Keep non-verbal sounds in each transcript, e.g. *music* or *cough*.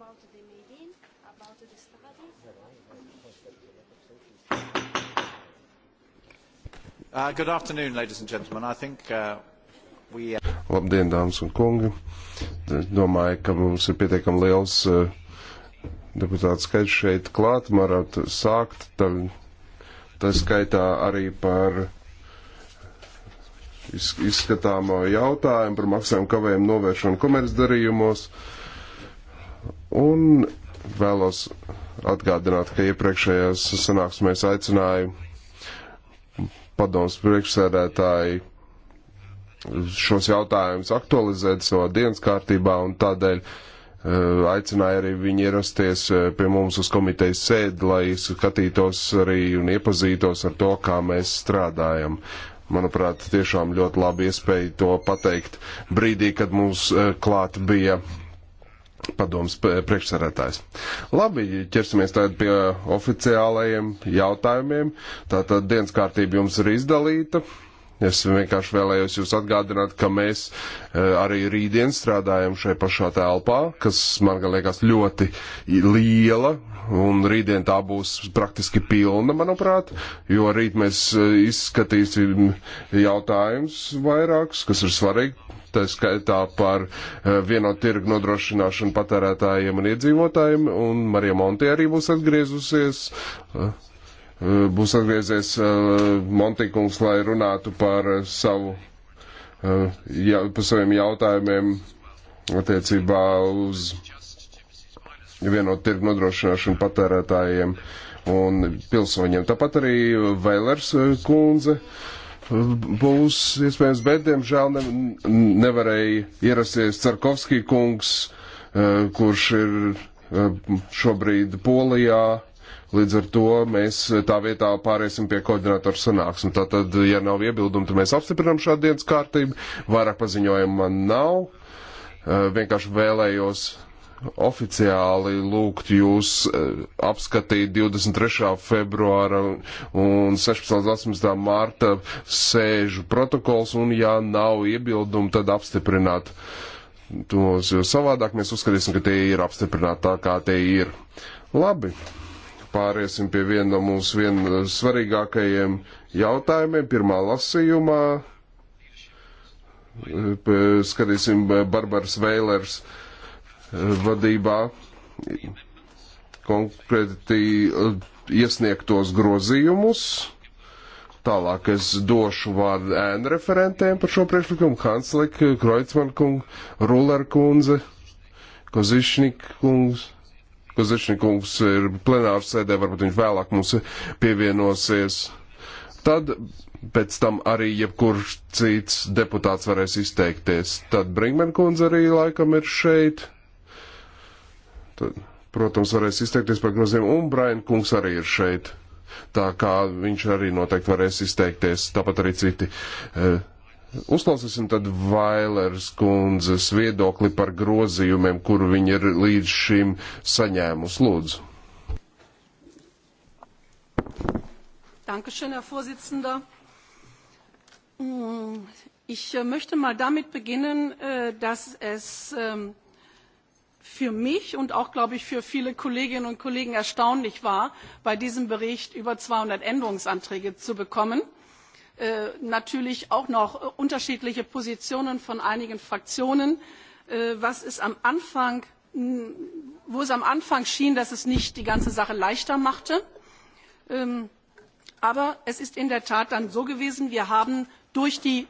about the meeting, about the study. Uh, good afternoon, ladies and gentlemen. I think uh, we... Uh, Labdien, dāmas un kungi. Domāju, ka mums ir pietiekami liels uh, deputāts skaits šeit klāt. Varat sākt. Tad, tā skaitā arī par izskatāmo jautājumu par maksājumu kavējumu novēršanu komercdarījumos. Uh, Un vēlos atgādināt, ka iepriekšējās sanāksmēs aicināju padomus priekšsēdētāji šos jautājumus aktualizēt savā dienas kārtībā un tādēļ eh, aicināja arī viņi ierasties eh, pie mums uz komitejas sēdi, lai skatītos arī un iepazītos ar to, kā mēs strādājam. Manuprāt, tiešām ļoti labi iespēja to pateikt brīdī, kad mums eh, klāt bija padoms priekšsarētājs. Labi, ķersimies tagad pie oficiālajiem jautājumiem. Tātad dienas kārtība jums ir izdalīta. Es vienkārši vēlējos jūs atgādināt, ka mēs e, arī rītdien strādājam šajā pašā telpā, kas man liekas ļoti liela, un rītdien tā būs praktiski pilna, manuprāt, jo rīt mēs e, izskatīsim jautājumus vairākus, kas ir svarīgi tā skaitā par eh, vienotu tirgu nodrošināšanu patērētājiem un iedzīvotājiem, un Marija Monti arī būs atgriezusies. Eh, būs atgriezies eh, Montikungs, lai runātu par, savu, ja, par saviem jautājumiem attiecībā uz vienotu tirgu nodrošināšanu patērētājiem un pilsoņiem. Tāpat arī Vēlers kundze. Uh, būs iespējams, bet, diemžēl, ne, nevarēja ierasties Cerkovskī kungs, eh, kurš ir eh, šobrīd Polijā. Līdz ar to mēs tā vietā pāriesim pie koordinātora sanāksmes. Tātad, ja nav iebildumi, tad mēs apstiprinām šādu dienas kārtību. Vairāk paziņojumu man nav. Eh, vienkārši vēlējos oficiāli lūgt jūs e, apskatīt 23. februāra un 16. 18. mārta sēžu protokols un, ja nav iebildumu, tad apstiprināt tos, jo savādāk mēs uzskatīsim, ka tie ir apstiprināti tā, kā tie ir. Labi, pāriesim pie viena no mūsu vien e, svarīgākajiem jautājumiem pirmā lasījumā. E, skatīsim Barbaras Veilers vadībā konkrēti uh, iesniegtos grozījumus. Tālāk es došu vārdu ēnu referentiem par šo priekšlikumu. Hanslik, Kreutzmann kungs, Ruler kundze, Kozišnik kungs. Kozišnik kungs ir plenārs sēdē, varbūt viņš vēlāk mums pievienosies. Tad pēc tam arī jebkurš cits deputāts varēs izteikties. Tad Brinkman kundze arī laikam ir šeit. Tad, protams, varēs izteikties par groziem, un Brian Kungs arī ir šeit. Tā kā viņš arī noteikti varēs izteikties, tāpat arī citi. Eh, uzklausīsim tad Vailers kundzes viedokli par grozījumiem, kuru viņi ir līdz šim saņēmusi. Lūdzu. Dankeschön, Herr Vorsitzender. Mm, ich äh, möchte mal damit beginnen, äh, dass es ähm, für mich und auch, glaube ich, für viele Kolleginnen und Kollegen erstaunlich war, bei diesem Bericht über 200 Änderungsanträge zu bekommen. Äh, natürlich auch noch unterschiedliche Positionen von einigen Fraktionen, äh, was es am Anfang, wo es am Anfang schien, dass es nicht die ganze Sache leichter machte. Ähm, aber es ist in der Tat dann so gewesen, wir haben durch die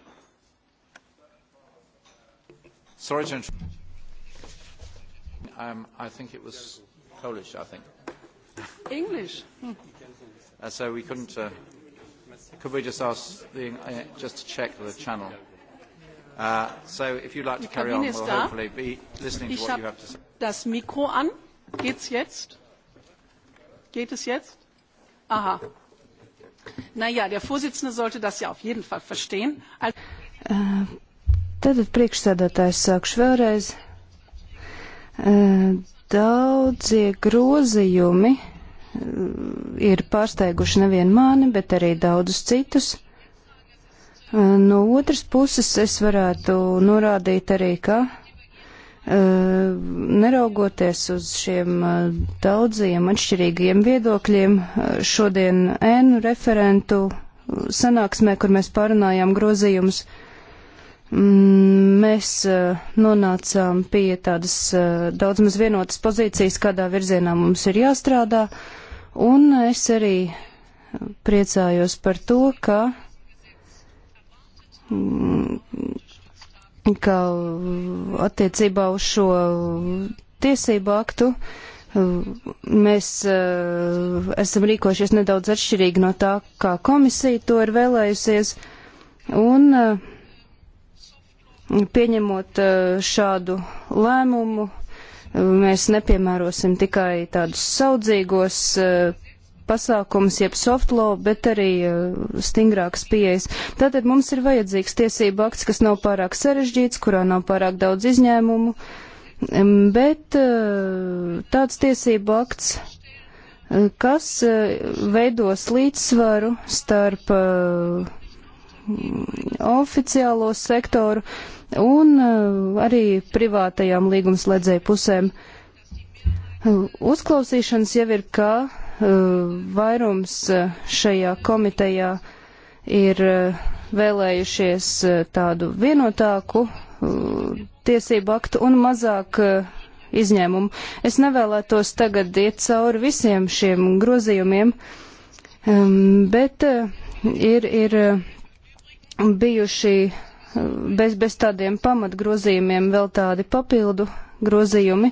Sorry, Um, I think it was Polish, I think. English. Hmm. uh, so we couldn't. Uh, could we just ask the uh, just to check the channel? Uh, so if you'd like to carry on, we'll da. hopefully be listening ich to what you have to say. Das Mikro an. Geht's jetzt? Geht es jetzt? Aha. Naja, der Vorsitzende sollte das ja auf jeden Fall verstehen. Also, uh, äh, Tātad priekšsēdētājs sākšu vēlreiz. Daudzie grozījumi eh, ir pārsteiguši nevien mani, bet arī daudzus citus. Eh, no otras puses es varētu norādīt arī, ka eh, neraugoties uz šiem daudziem atšķirīgiem viedokļiem, šodien ēnu referentu sanāksmē, kur mēs pārunājām grozījumus, uh, mēs eh, nonācām pie tādas eh, daudz maz vienotas pozīcijas, kādā virzienā mums ir jāstrādā, un es arī priecājos par to, ka, mm, ka attiecībā uz šo tiesību aktu eh, mēs esam rīkojušies nedaudz atšķirīgi no tā, kā komisija to ir vēlējusies, un uh, pieņemot eh, šādu lēmumu, eh, mēs nepiemērosim tikai tādus saudzīgos eh, pasākums, jeb soft law, bet arī stingrāks pieejas. Tātad mums ir vajadzīgs tiesība akts, kas nav pārāk sarežģīts, kurā nav pārāk daudz izņēmumu, bet tāds tiesība akts, kas veidos līdzsvaru starp oficiālo sektoru un eh, arī privātajām līgumslēdzēju pusēm. Uzklausīšanas jau ir, ka eh, vairums eh, šajā komitejā ir vēlējušies tādu vienotāku tiesību aktu un mazāk izņēmumu. Es nevēlētos tagad iet cauri visiem šiem grozījumiem, ehm, bet ir, ir bijuši bez, bez tādiem pamatgrozījumiem vēl tādi papildu grozījumi,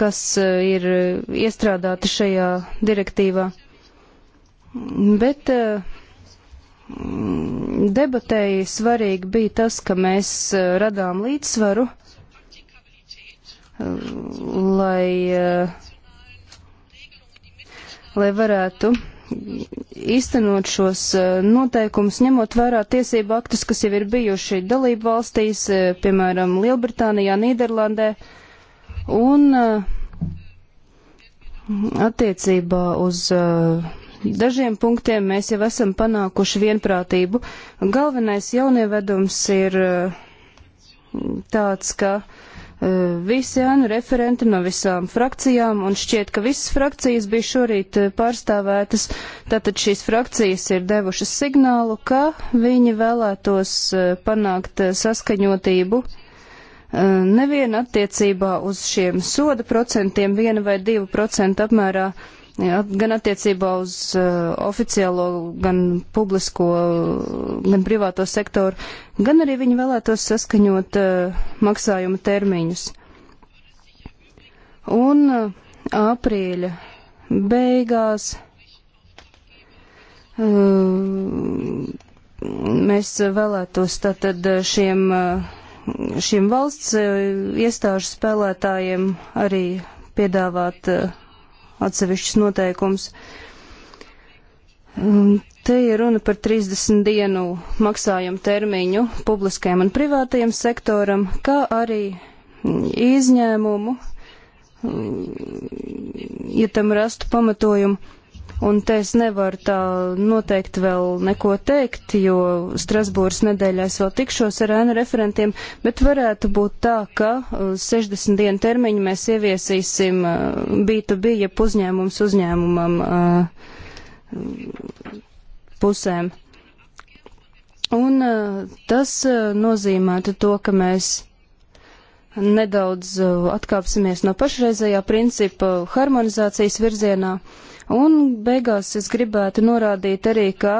kas eh, ir eh, iestrādāti šajā direktīvā. Bet eh, debatēji svarīgi bija tas, ka mēs radām līdzsvaru, lai, lai varētu īstenot šos eh, noteikumus, ņemot vērā tiesību aktus, kas jau ir bijuši dalību valstīs, eh, piemēram, Lielbritānijā, Nīderlandē, un eh, attiecībā uz dažiem punktiem mēs jau esam panākuši vienprātību. Galvenais jaunievedums ir tāds, ka Eh, visi ēnu referenti no visām frakcijām, un šķiet, ka visas frakcijas bija šorīt eh, pārstāvētas. Tātad šīs frakcijas ir devušas signālu, ka viņi vēlētos eh, panākt saskaņotību nevien attiecībā uz šiem soda procentiem, viena vai divu procentu apmērā, Jā, gan attiecībā uz uh, oficiālo, gan publisko, gan privāto sektoru, gan arī viņi vēlētos saskaņot uh, maksājuma termiņus. Un uh, aprīļa beigās uh, mēs vēlētos tātad šiem, šiem valsts iestāžu spēlētājiem arī piedāvāt uh, atsevišķus noteikumus. Um, te ir runa par 30 dienu maksājumu termiņu publiskajam un privātajam sektoram, kā arī izņēmumu, um, ja tam rastu pamatojumu. Un te es nevaru tā noteikti vēl neko teikt, jo Strasbūras nedēļā es vēl tikšos ar ēnu referentiem, bet varētu būt tā, ka 60 uh, dienu termiņu mēs ieviesīsim uh, B2B, ja uzņēmums uzņēmumam uh, pusēm. Un tas nozīmētu to, ka mēs nedaudz atkāpsimies no pašreizējā principa harmonizācijas virzienā. Uh, Un beigās es gribētu norādīt arī, ka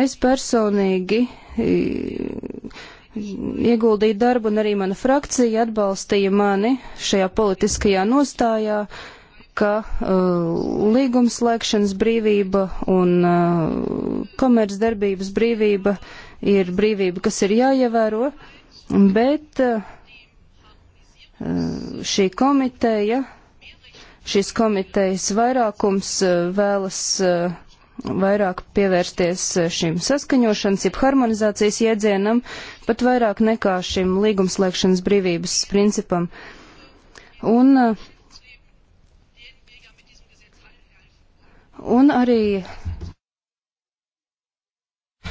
es personīgi ieguldīju darbu un arī mana frakcija atbalstīja mani šajā politiskajā nostājā ka uh, līgumslēgšanas brīvība un uh, komercdarbības brīvība ir brīvība, kas ir jāievēro, bet uh, uh šī komiteja uh, šīs komitejas vairākums eh, vēlas eh, vairāk pievērsties eh, šim saskaņošanas, jeb harmonizācijas jēdzienam, pat vairāk nekā šim līgumslēgšanas brīvības principam. Un, un arī.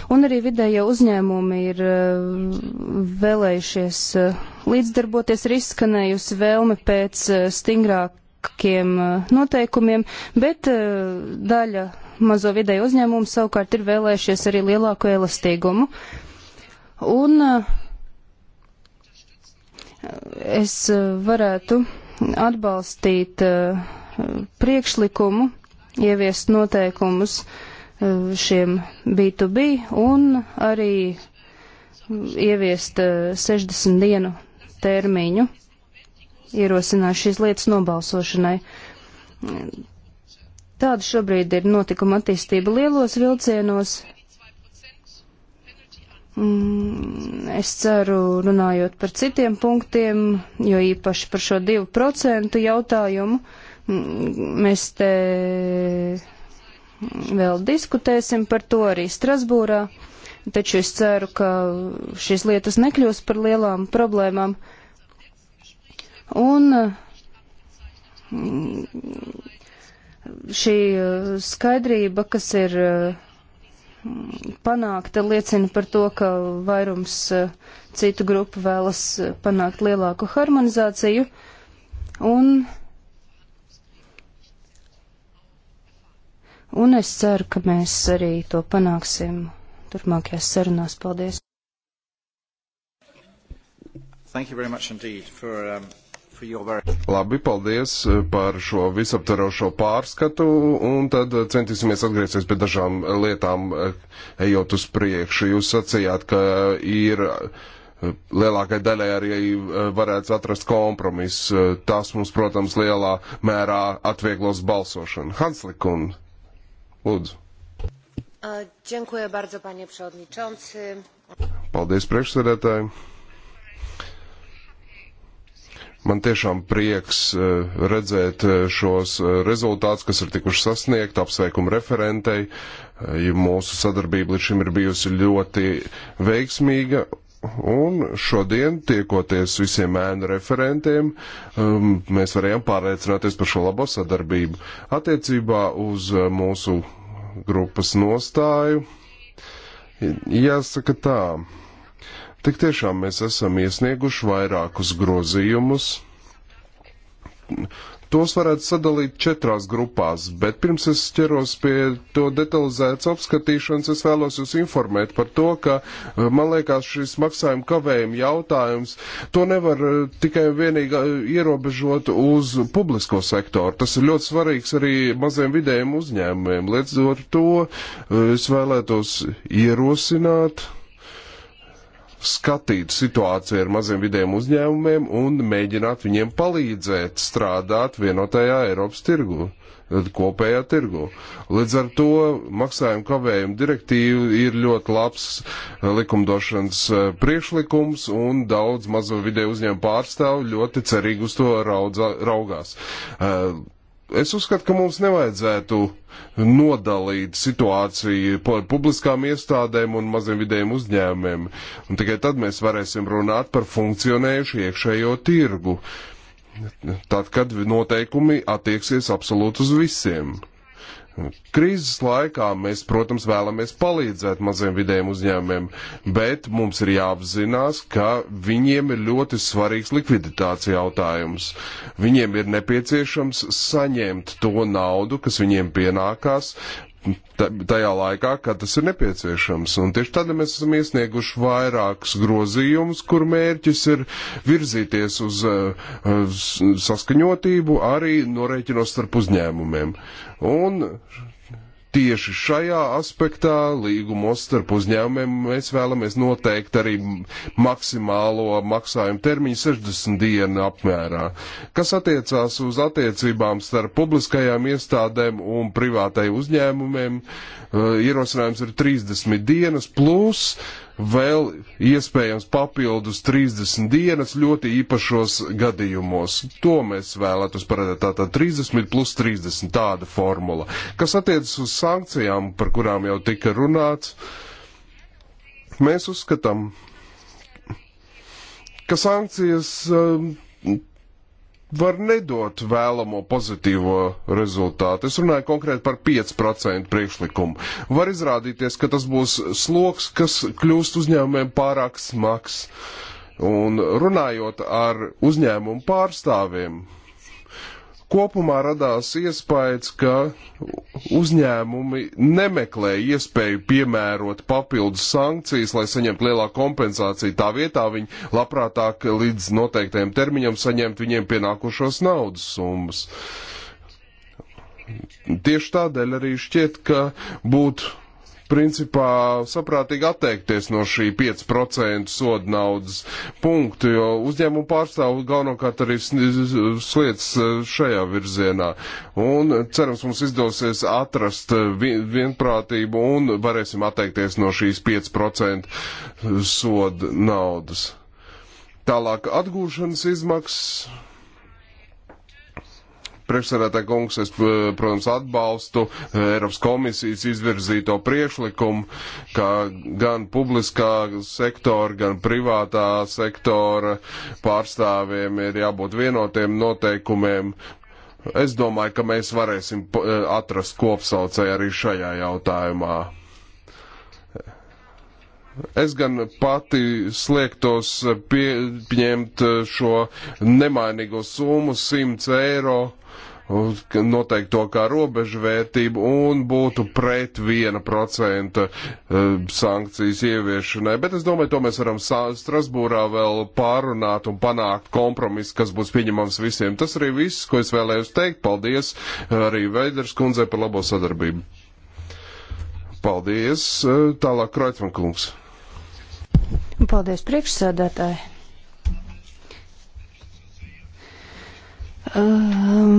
Un arī vidējo uzņēmumi ir vēlējušies līdzdarboties, ir izskanējusi vēlme pēc stingrāk striktākiem eh, noteikumiem, bet eh, daļa mazo vidēju uzņēmumu savukārt ir vēlējušies arī lielāku elastīgumu. Un eh, es varētu atbalstīt priekšlikumu, ieviest noteikumus šiem B2B un arī ieviest 60 dienu termiņu ierosināju šīs lietas nobalsošanai. Tāda šobrīd ir notikuma attīstība lielos vilcienos. Mm, es ceru, runājot par citiem punktiem, jo īpaši par šo 2% jautājumu, mm, mēs te vēl diskutēsim par to arī Strasbūrā, taču es ceru, ka šīs lietas nekļūs par lielām problēmām. Un mm, šī eh, skaidrība, kas ir eh, panākta, liecina par to, ka vairums eh, citu grupu vēlas panākt lielāku harmonizāciju. Un, un es ceru, ka mēs arī to panāksim turpmākajās sarunās. Paldies! Thank you very much indeed for um, Labi, paldies eh, par šo visaptverošo pārskatu, un tad eh, centīsimies atgriezties pie dažām lietām, eh, ejot uz priekšu. Jūs sacījāt, ka ir lielākai daļai arī varētu atrast kompromiss. Tas mums, protams, lielā mērā atvieglos balsošanu. Hanslikun, lūdzu. Dziękuję bardzo, panie przewodniczący. Paldies, priekšsēdētāji. Man tiešām prieks eh, redzēt eh, šos eh, rezultātus, kas ir tikuši sasniegt, apsveikumu referentei. Mūsu sadarbība līdz šim ir bijusi ļoti veiksmīga. Un šodien, tiekoties visiem ēnu referentiem, um, mēs varējām pārliecināties par šo labo sadarbību. Attiecībā uz mūsu grupas nostāju, jāsaka tā, Tik tiešām mēs esam iesnieguši vairākus grozījumus. Tos varētu sadalīt četrās grupās, bet pirms es ķeros pie to detalizētas apskatīšanas, es vēlos jūs informēt par to, ka, eh, man liekas, šis maksājuma kavējuma jautājums, to nevar eh, tikai un vienīgi eh, ierobežot uz publisko sektoru. Tas ir ļoti svarīgs arī maziem vidējiem uzņēmumiem. Līdz ar to es vēlētos ierosināt skatīt situāciju ar maziem vidiem uzņēmumiem un mēģināt viņiem palīdzēt strādāt vienotajā Eiropas tirgu, kopējā tirgu. Līdz ar to maksājumu kavējumu direktīva ir ļoti labs eh, likumdošanas eh, priekšlikums un daudz mazo vidē uzņēmumu pārstāvu ļoti cerīgi uz to raudza, raugās. Uh, es uzskatu, ka mums nevajadzētu nodalīt situāciju par publiskām iestādēm un maziem vidējiem uzņēmumiem. Un tikai tad mēs varēsim runāt par funkcionējušu iekšējo tirgu. Tad, kad noteikumi attieksies absolūti uz visiem. Krīzes laikā mēs, protams, vēlamies palīdzēt maziem vidējiem uzņēmumiem, bet mums ir jāapzinās, ka viņiem ir ļoti svarīgs likviditācija jautājums. Viņiem ir nepieciešams saņemt to naudu, kas viņiem pienākās, tajā laikā, kad tas ir nepieciešams. Un tieši tad mēs esam iesnieguši vairākus grozījumus, kur mērķis ir virzīties uz, eh, uz saskaņotību arī norēķinos starp uzņēmumiem. Un Tieši šajā aspektā līgumos starp uzņēmumiem mēs vēlamies noteikt arī maksimālo maksājumu termiņu 60 dienu apmērā, kas attiecās uz attiecībām starp publiskajām iestādēm un privātai uzņēmumiem. Uh, ierosinājums ir 30 dienas plus vēl iespējams papildus 30 dienas ļoti īpašos gadījumos. To mēs vēlētos paredzēt tātad 30 plus 30 tāda formula. Kas attiecas uz sankcijām, par kurām jau tika runāts, mēs uzskatām, ka sankcijas um, var nedot vēlamo pozitīvo rezultātu. Es runāju konkrēti par 5% priekšlikumu. Var izrādīties, ka tas būs sloks, kas kļūst uzņēmumiem pārāk smags. Un runājot ar uzņēmumu pārstāvjiem, Kopumā radās iespējas, ka uzņēmumi nemeklē iespēju piemērot papildus sankcijas, lai saņemtu lielāku kompensāciju. Tā vietā viņi labprātāk līdz noteiktajam termiņam saņemt viņiem pienākušos naudas summas. Tieši tādēļ arī šķiet, ka būtu principā saprātīgi atteikties no šī 5% soda naudas punktu, jo uzņēmumu pārstāv galvenokārt arī slietas e, šajā virzienā. Un cerams, mums izdosies atrast e, vienprātību un varēsim atteikties no šīs 5% soda naudas. Tālāk atgūšanas izmaksas Priekšsarētā kungs, es, eh, protams, atbalstu eh, Eiropas komisijas izvirzīto priekšlikumu, ka gan publiskā sektora, gan privātā sektora pārstāvjiem ir jābūt vienotiem noteikumiem. Es domāju, ka mēs varēsim eh, atrast kopsaucēju arī šajā jautājumā. Es gan pati sliektos pieņemt eh, šo nemainīgo summu 100 eiro noteikti to kā robežu vērtību un būtu pret 1% eh, sankcijas ieviešanai. Bet es domāju, to mēs varam Strasbūrā vēl pārunāt un panākt kompromisu, kas būs pieņemams visiem. Tas arī viss, ko es vēlējos teikt. Paldies eh, arī Veiders kundzei par labo sadarbību. Paldies. Tālāk Kreitmankungs. kungs. Paldies priekšsēdētāji. Ehm,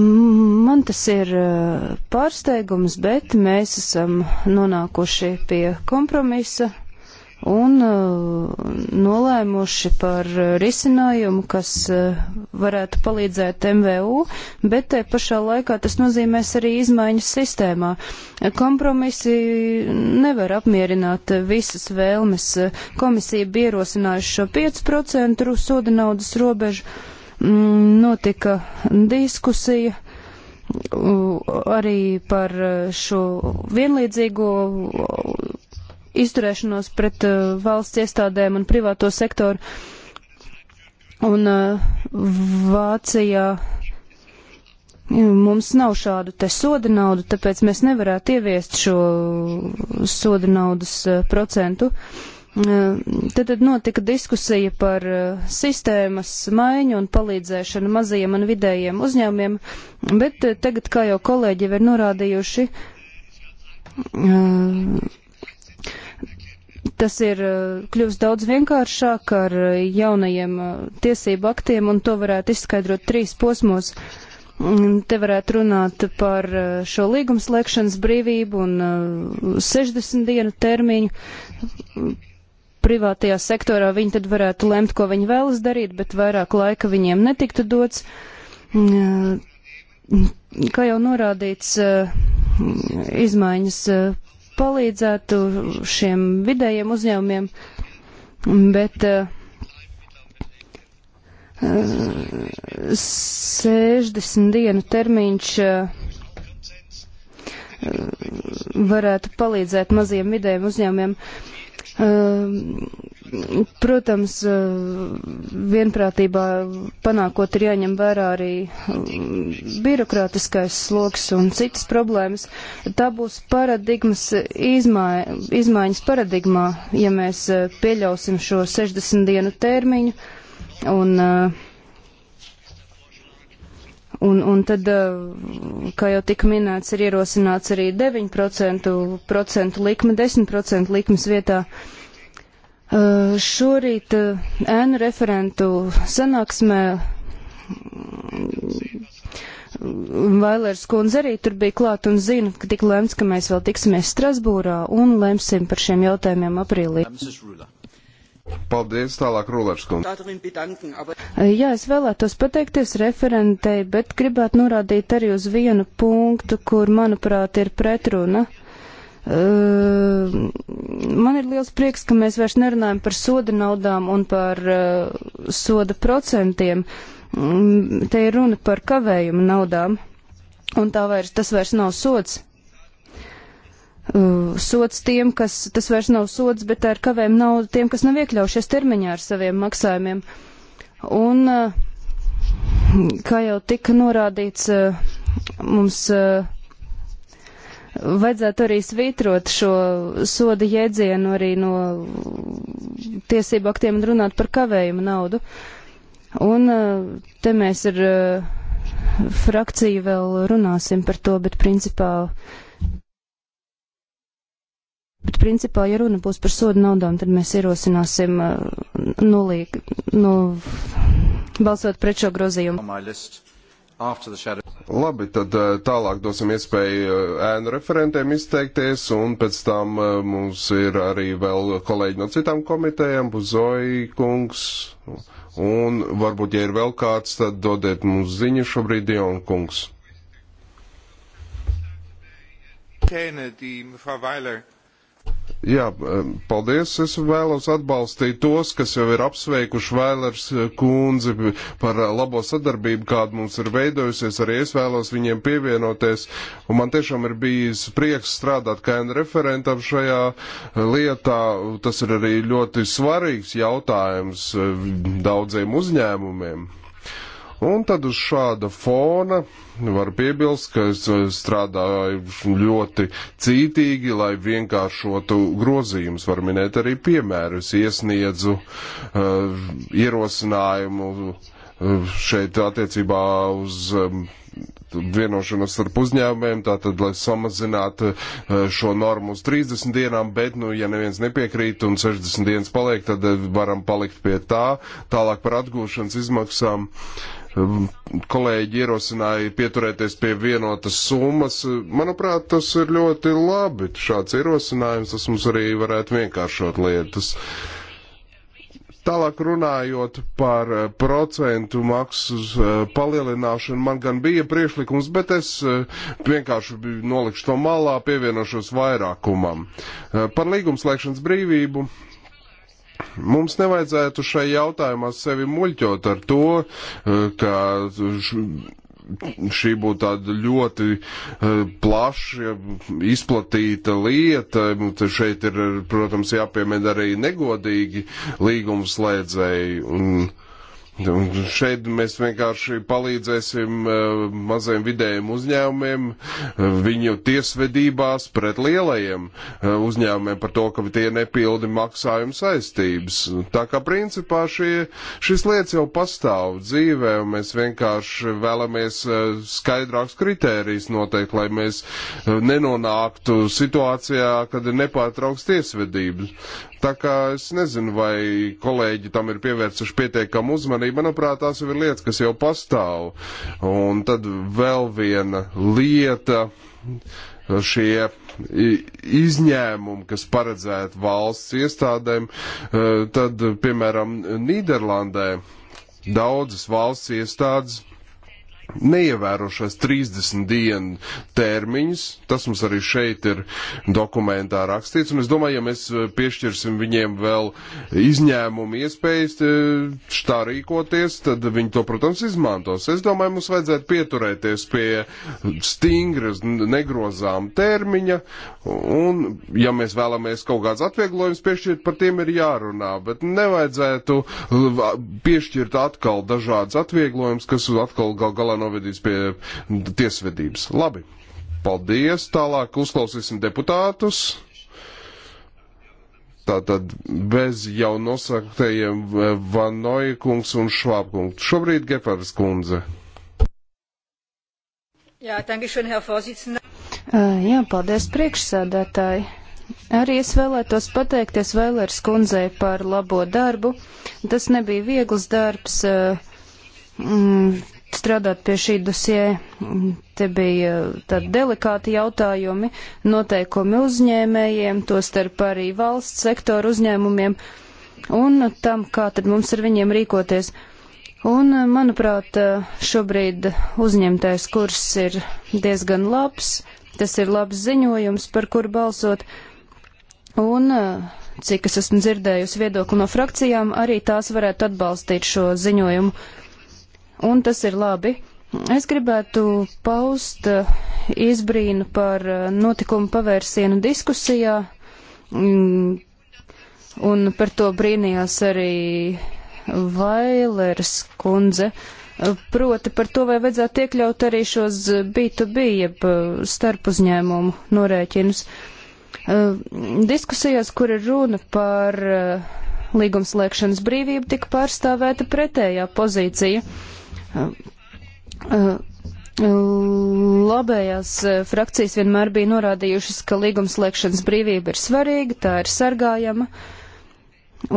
man tas ir eh, pārsteigums, bet mēs esam nonākuši pie kompromisa un uh, nolēmuši par uh, risinājumu, kas uh, varētu palīdzēt MVU, bet te pašā laikā tas nozīmēs arī izmaiņas sistēmā. Kompromisi nevar apmierināt visas vēlmes. Komisija bija ierosinājusi šo 5% soda naudas robežu. Mm, notika diskusija arī par šo vienlīdzīgo izturēšanos pret uh, valsts iestādēm un privāto sektoru. Un uh, Vācijā mums nav šādu te soda naudu, tāpēc mēs nevarētu ieviest šo soda naudas uh, procentu. Uh, tad, tad notika diskusija par uh, sistēmas maiņu un palīdzēšanu mazajiem un vidējiem uzņēmiem, bet uh, tagad, kā jau kolēģi ir norādījuši, Tas ir eh, kļūst daudz vienkāršāk ar eh, jaunajiem eh, tiesību aktiem, un to varētu izskaidrot trīs posmos. Mm, te varētu runāt par šo līgumslēgšanas brīvību un 60 dienu termiņu. Privātajā sektorā viņi tad varētu lemt, ko viņi vēlas darīt, bet vairāk laika viņiem netiktu dots. Mm, kā jau norādīts, izmaiņas palīdzētu šiem vidējiem uzņēmumiem, bet uh, eh, 60 dienu termiņš eh, varētu palīdzēt maziem vidējiem uzņēmumiem. Ehm, protams, eh, vienprātībā panākot ir jāņem vērā arī ehm, birokrātiskais sloks un citas problēmas. Tā būs paradigmas izmai, izmaiņas paradigmā, ja mēs eh, pieļausim šo 60 dienu termiņu un uh, Un, un tad, eh, kā jau tika minēts, ir ierosināts arī 9% likme 10% likmes vietā. Eh, šorīt eh, ēnu referentu sanāksmē mm, Vailers kundze arī tur bija klāt un zina, ka tik lemts, ka mēs vēl tiksimies Strasbūrā un lemsim par šiem jautājumiem aprīlī. Paldies, tālāk Rulēčkungs. Jā, es vēlētos pateikties referentei, bet gribētu norādīt arī uz vienu punktu, kur, manuprāt, ir pretruna. Uh, man ir liels prieks, ka mēs vairs nerunājam par soda naudām un par uh, soda procentiem. Um, te ir runa par kavējumu naudām, un tā vairs, tas vairs nav sods, uh, sots tiem, kas tas vairs nav sots, bet tā ir kavējuma nauda tiem, kas nav iekļaušies termiņā ar saviem maksājumiem. Un, uh, kā jau tika norādīts, uh, mums uh, vajadzētu arī svītrot šo soda jēdzienu arī no tiesību aktiem un runāt par kavējumu naudu. Un uh, te mēs ar uh, frakciju vēl runāsim par to, bet principā principā, ja runa būs par sodu naudām, tad mēs ierosināsim uh, nulīgi, nu, balsot pret šo grozījumu. Labi, tad uh, tālāk dosim iespēju uh, ēnu referentiem izteikties, un pēc tam mums ir arī vēl kolēģi no citām komitejām, Buzoji, Kungs, un varbūt, ja ir vēl kāds, tad dodiet mums ziņu šobrīd, Dion Kungs. Kēne, die, Jā, paldies. Es vēlos atbalstīt tos, kas jau ir apsveikuši Vēlers eh, kundzi par eh, labo sadarbību, kāda mums ir veidojusies. Arī es vēlos viņiem pievienoties. Un man tiešām ir bijis prieks strādāt kā referentam šajā eh, lietā. Tas ir arī ļoti svarīgs jautājums daudziem uzņēmumiem. Un tad uz šāda fona var piebilst, ka es eh, strādāju ļoti cītīgi, lai vienkāršotu grozījumus. Var minēt arī piemērus, iesniedzu uh, ierosinājumu eh, šeit attiecībā uz um, vienošanos ar uzņēmumiem, tātad, lai samazinātu eh, šo normu uz 30 dienām, bet, nu, ja neviens nepiekrīt un 60 dienas paliek, tad eh, varam palikt pie tā. Tālāk par atgūšanas izmaksām. Eh, kolēģi ierosināja pieturēties pie vienotas summas. Manuprāt, tas ir ļoti labi. Šāds ierosinājums, tas mums arī varētu vienkāršot lietas. Uh, Tālāk runājot par eh, procentu maksas eh, palielināšanu, man gan bija priešlikums, bet es eh, vienkārši nolikšu to malā, pievienošos vairākumam. Par līgumslēgšanas brīvību. Mums nevajadzētu šai jautājumā sevi muļķot ar to, ka šī būtu tāda ļoti eh, plaša, izplatīta lieta. Nu, šeit ir, protams, jāpiemēd arī negodīgi līgumslēdzēji. Un, Un šeit mēs vienkārši palīdzēsim eh, maziem vidējiem uzņēmumiem eh, viņu tiesvedībās pret lielajiem eh, uzņēmumiem par to, ka tie nepildi maksājumu saistības. Tā kā principā šie, šis lietas jau pastāv dzīvē, un mēs vienkārši vēlamies skaidrāks kritērijs noteikt, lai mēs nenonāktu situācijā, kad ir nepārtrauks tiesvedības. Tā kā es nezinu, vai kolēģi tam ir pievērsuši pietiekamu uzmanību arī, manuprāt, tās jau ir lietas, kas jau pastāv. Un tad vēl viena lieta šie izņēmumi, kas paredzēti valsts iestādēm, e, tad, piemēram, Nīderlandē daudzas valsts iestādes neievērošais 30 dienu termiņus. Tas mums arī šeit ir dokumentā rakstīts, un es domāju, ja mēs eh, piešķirsim viņiem vēl izņēmumu iespējas eh, tā rīkoties, tad viņi to, protams, izmantos. Es domāju, mums vajadzētu pieturēties pie stingras, negrozām termiņa, un, ja mēs vēlamies kaut kāds atvieglojums piešķirt, par tiem ir jārunā, bet nevajadzētu piešķirt atkal dažādas atvieglojumus, kas atkal gal galā nav novedīts pie tiesvedības. Labi, paldies. Tālāk uzklausīsim deputātus. Tātad bez jau nosaktējiem eh, Vanoja kungs un Švāb kungs. Šobrīd Gefaras kundze. Jā, dankeschön, Herr Vorsitzender. Eh, jā, paldies priekšsēdētāji. Arī es vēlētos pateikties Vēlērs kundzei par labo darbu. Tas nebija viegls darbs. Eh, mm, strādāt pie šī dosie. Te bija uh, tādi delikāti jautājumi, noteikumi uzņēmējiem, to starp arī valsts sektoru uzņēmumiem un tam, kā tad mums ar viņiem rīkoties. Un, uh, manuprāt, uh, šobrīd uzņemtais kurs ir diezgan labs, tas ir labs ziņojums, par kuru balsot. Un, cik es esmu dzirdējusi viedokli no frakcijām, arī tās varētu atbalstīt šo ziņojumu un tas ir labi. Es gribētu paust eh, izbrīnu par eh, notikumu pavērsienu diskusijā, mm, un par to brīnījās arī Vailers kundze. Proti par to, vai vajadzētu iekļaut arī šos B2B, jeb eh, starp uzņēmumu norēķinus. Diskusijās, kur ir runa par līgumslēgšanas brīvību, tika pārstāvēta pretējā pozīcija. Labējās eh, frakcijas vienmēr bija norādījušas, ka līgumslēgšanas brīvība ir svarīga, tā ir sargājama,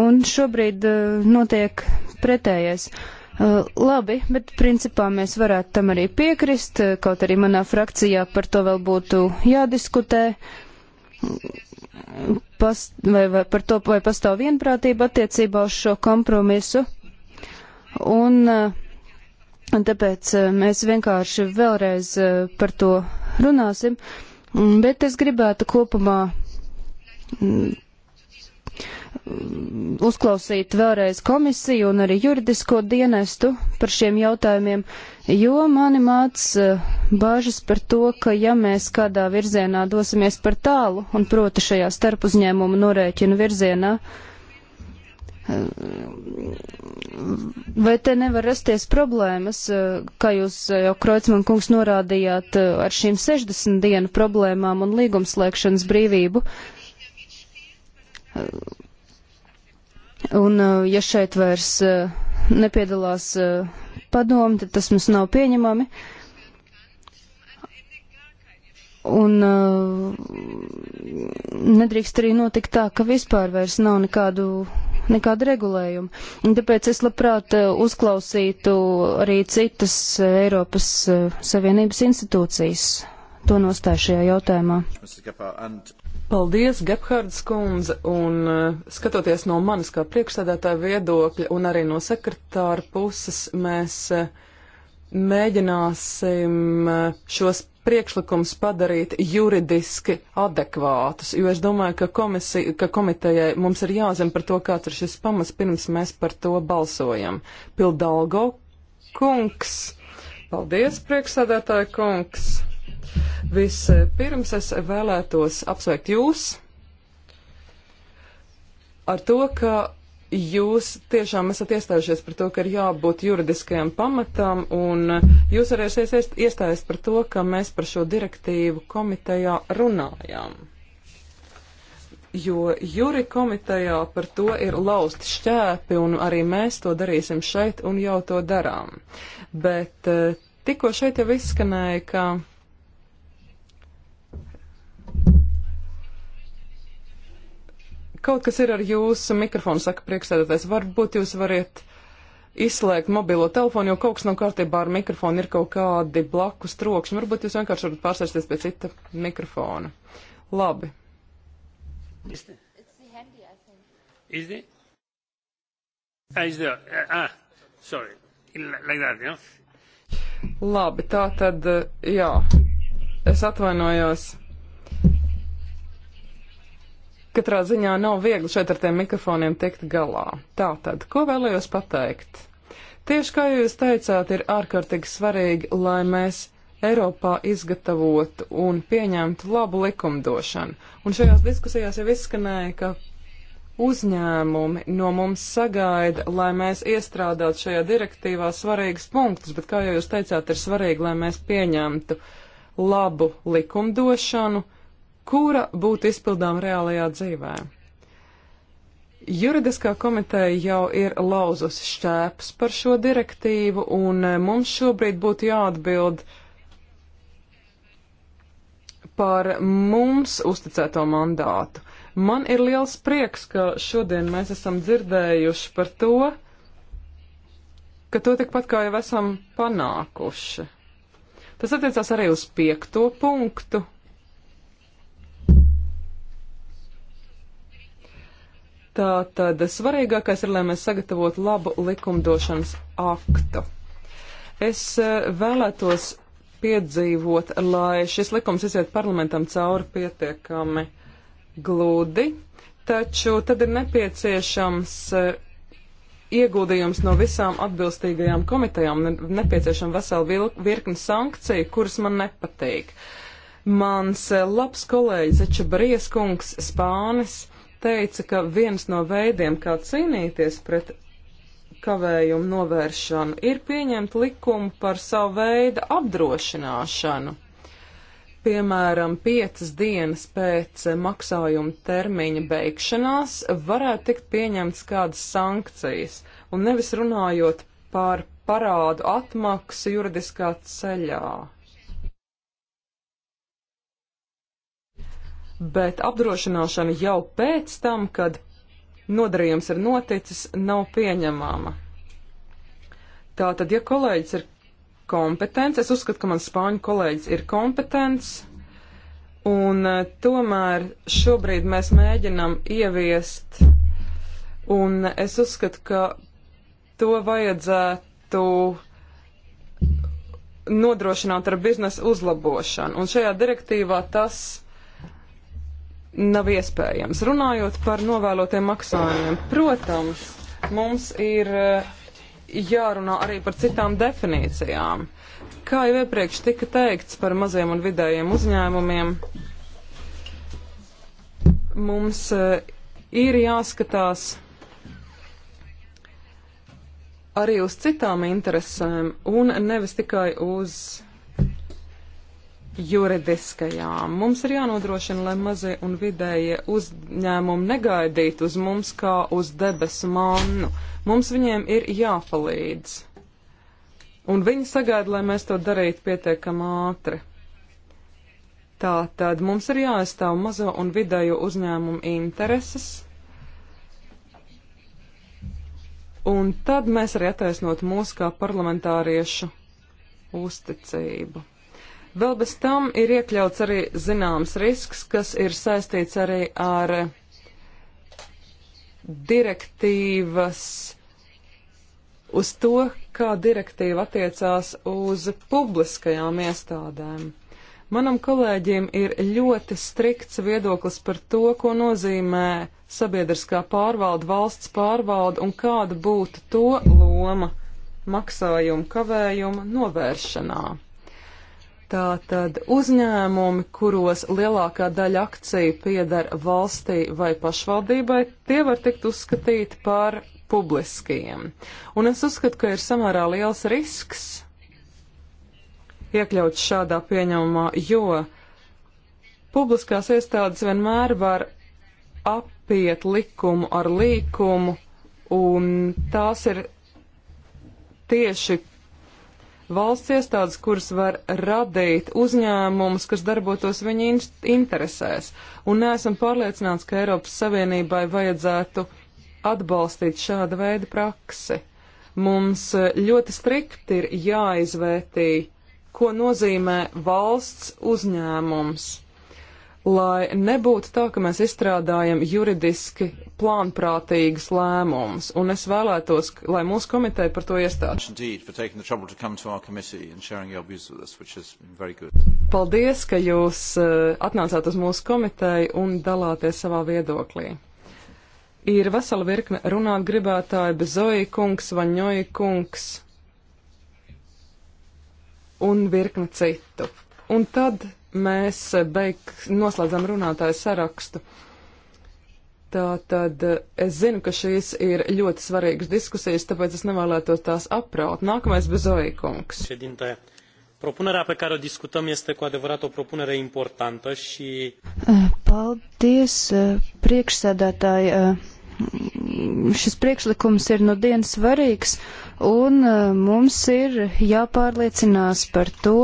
un šobrīd eh, notiek pretējais. Eh, labi, bet principā mēs varētu tam arī piekrist, kaut arī manā frakcijā par to vēl būtu jādiskutē. Pas, vai, vai par to, vai pastāv vienprātība attiecībā uz šo kompromisu. Un uh, Un tāpēc eh, mēs vienkārši vēlreiz eh, par to runāsim, mm, bet es gribētu kopumā mm, uzklausīt vēlreiz komisiju un arī juridisko dienestu par šiem jautājumiem, jo mani māc eh, bāžas par to, ka ja mēs kādā virzienā dosimies par tālu, un proti šajā starpuzņēmumu norēķinu virzienā, uh, Vai te nevar rasties problēmas, kā jūs jau Kreutzmann kungs norādījāt, ar šīm 60 dienu problēmām un līgumslēgšanas brīvību? Un ja šeit vairs eh, nepiedalās eh, padomu, tad tas mums nav pieņemami. Un eh, nedrīkst arī notikt tā, ka vispār vairs nav nekādu nekāda regulējuma. Un tāpēc es labprāt eh, uzklausītu arī citas eh, Eiropas eh, Savienības institūcijas to nostāju šajā jautājumā. Paldies, Gebhards kundze, un skatoties no manis kā priekšsēdētāja viedokļa un arī no sekretāra puses, mēs mēģināsim šos priekšlikums padarīt juridiski adekvātus, jo es domāju, ka, komisija, ka komitejai mums ir jāzina par to, kāds ir šis pamats, pirms mēs par to balsojam. Pildalgo kungs. Paldies, priekšsēdētāja kungs. Vispirms es vēlētos apsveikt jūs ar to, ka jūs tiešām esat iestājušies par to, ka ir jābūt juridiskajam pamatam, un jūs arī esat iestājies par to, ka mēs par šo direktīvu komitejā runājām. Jo juri komitejā par to ir lausti šķēpi, un arī mēs to darīsim šeit, un jau to darām. Bet eh, tikko šeit jau izskanēja, ka Kaut kas ir ar jūsu mikrofonu, saka priekšsēdētājs. Varbūt jūs variet izslēgt mobilo telefonu, jo kaut kas nav kārtībā ar mikrofonu, ir kaut kādi blakus trokšņi. Varbūt jūs vienkārši varat pārsēsties pie cita mikrofona. Labi. Labi, tā tad, eh, jā, es atvainojos. Katrā ziņā nav viegli šeit ar tiem mikrofoniem tikt galā. Tātad, ko vēlējos pateikt? Tieši kā jūs teicāt, ir ārkārtīgi svarīgi, lai mēs Eiropā izgatavotu un pieņemtu labu likumdošanu. Un šajās diskusijās jau izskanēja, ka uzņēmumi no mums sagaida, lai mēs iestrādātu šajā direktīvā svarīgus punktus, bet kā jau jūs teicāt, ir svarīgi, lai mēs pieņemtu labu likumdošanu, kura būtu izpildām reālajā dzīvē. Juridiskā komiteja jau ir lauzusi šķēpus par šo direktīvu, un eh, mums šobrīd būtu jāatbild par mums uzticēto mandātu. Man ir liels prieks, ka šodien mēs esam dzirdējuši par to, ka to tikpat kā jau esam panākuši. Tas attiecās arī uz piekto punktu, Tā tad svarīgākais ir, lai mēs sagatavotu labu likumdošanas aktu. Es eh, vēlētos piedzīvot, lai šis likums iziet parlamentam cauri pietiekami glūdi, taču tad ir nepieciešams eh, ieguldījums no visām atbilstīgajām komitejām, nepieciešama vesela virkni sankciju, kuras man nepatīk. Mans eh, labs kolēģis Ečabrijas kungs Spānis teica, ka viens no veidiem, kā cīnīties pret kavējumu novēršanu, ir pieņemt likumu par savu veidu apdrošināšanu. Piemēram, piecas dienas pēc maksājuma termiņa beigšanās varētu tikt pieņemts kādas sankcijas, un nevis runājot par parādu atmaksu juridiskā ceļā. bet apdrošināšana jau pēc tam, kad nodarījums ir noticis, nav pieņemama. Tātad, ja kolēģis ir kompetents, es uzskatu, ka mans spāņu kolēģis ir kompetents, un e, tomēr šobrīd mēs mēģinam ieviest, un es uzskatu, ka to vajadzētu nodrošināt ar biznesa uzlabošanu. Un šajā direktīvā tas nav iespējams. Runājot par novēlotiem maksājumiem, protams, mums ir eh, jārunā arī par citām definīcijām. Kā jau iepriekš tika teikts par maziem un vidējiem uzņēmumiem, mums eh, ir jāskatās arī uz citām interesēm un nevis tikai uz juridiskajām. Mums ir jānodrošina, lai mazie un vidējie uzņēmumi negaidītu uz mums kā uz debesu mannu. Mums viņiem ir jāpalīdz. Un viņi sagaida, lai mēs to darītu pietiekam ātri. Tā tad mums ir jāaizstāv mazo un vidējo uzņēmumu intereses. Un tad mēs arī attaisnot mūsu kā parlamentāriešu uzticību. Vēl bez tam ir iekļauts arī zināms risks, kas ir saistīts arī ar direktīvas, uz to, kā direktīva attiecās uz publiskajām iestādēm. Manam kolēģim ir ļoti strikts viedoklis par to, ko nozīmē sabiedriskā pārvalda, valsts pārvalda un kāda būtu to loma maksājuma kavējuma novēršanā. Tātad uzņēmumi, kuros lielākā daļa akciju pieder valstī vai pašvaldībai, tie var tikt uzskatīti par publiskiem. Un es uzskatu, ka ir samērā liels risks iekļaut šādā pieņemumā, jo publiskās iestādes vienmēr var apiet likumu ar līkumu, un tās ir tieši valsts iestādes, kuras var radīt uzņēmumus, kas darbotos viņa in interesēs. Un neesam pārliecināts, ka Eiropas Savienībai vajadzētu atbalstīt šāda veida praksi. Mums eh, ļoti strikti ir jāizvērtī, ko nozīmē valsts uzņēmums, lai nebūtu tā, ka mēs izstrādājam juridiski plānprātīgus lēmumus, un es vēlētos, lai mūsu komiteja par to iestātu. Paldies, ka jūs eh, atnācāt uz mūsu komiteju un dalāties savā viedoklī. Ir vesela virkne runāt gribētāji, Bezoja kungs, Vaņoja kungs un virkne citu. Un tad mēs eh, beig, noslēdzam runātāju sarakstu. Tā tad es zinu, ka šīs ir ļoti svarīgas diskusijas, tāpēc es nevēlētos tās apraut. Nākamais bezoīkums. Propunerea pe care o discutăm este cu adevărat o propunere importantă și... Eh, paldies, eh, priekšsēdētāji. Eh, šis priekšlikums ir no dienas svarīgs un mums ir jāpārliecinās par to,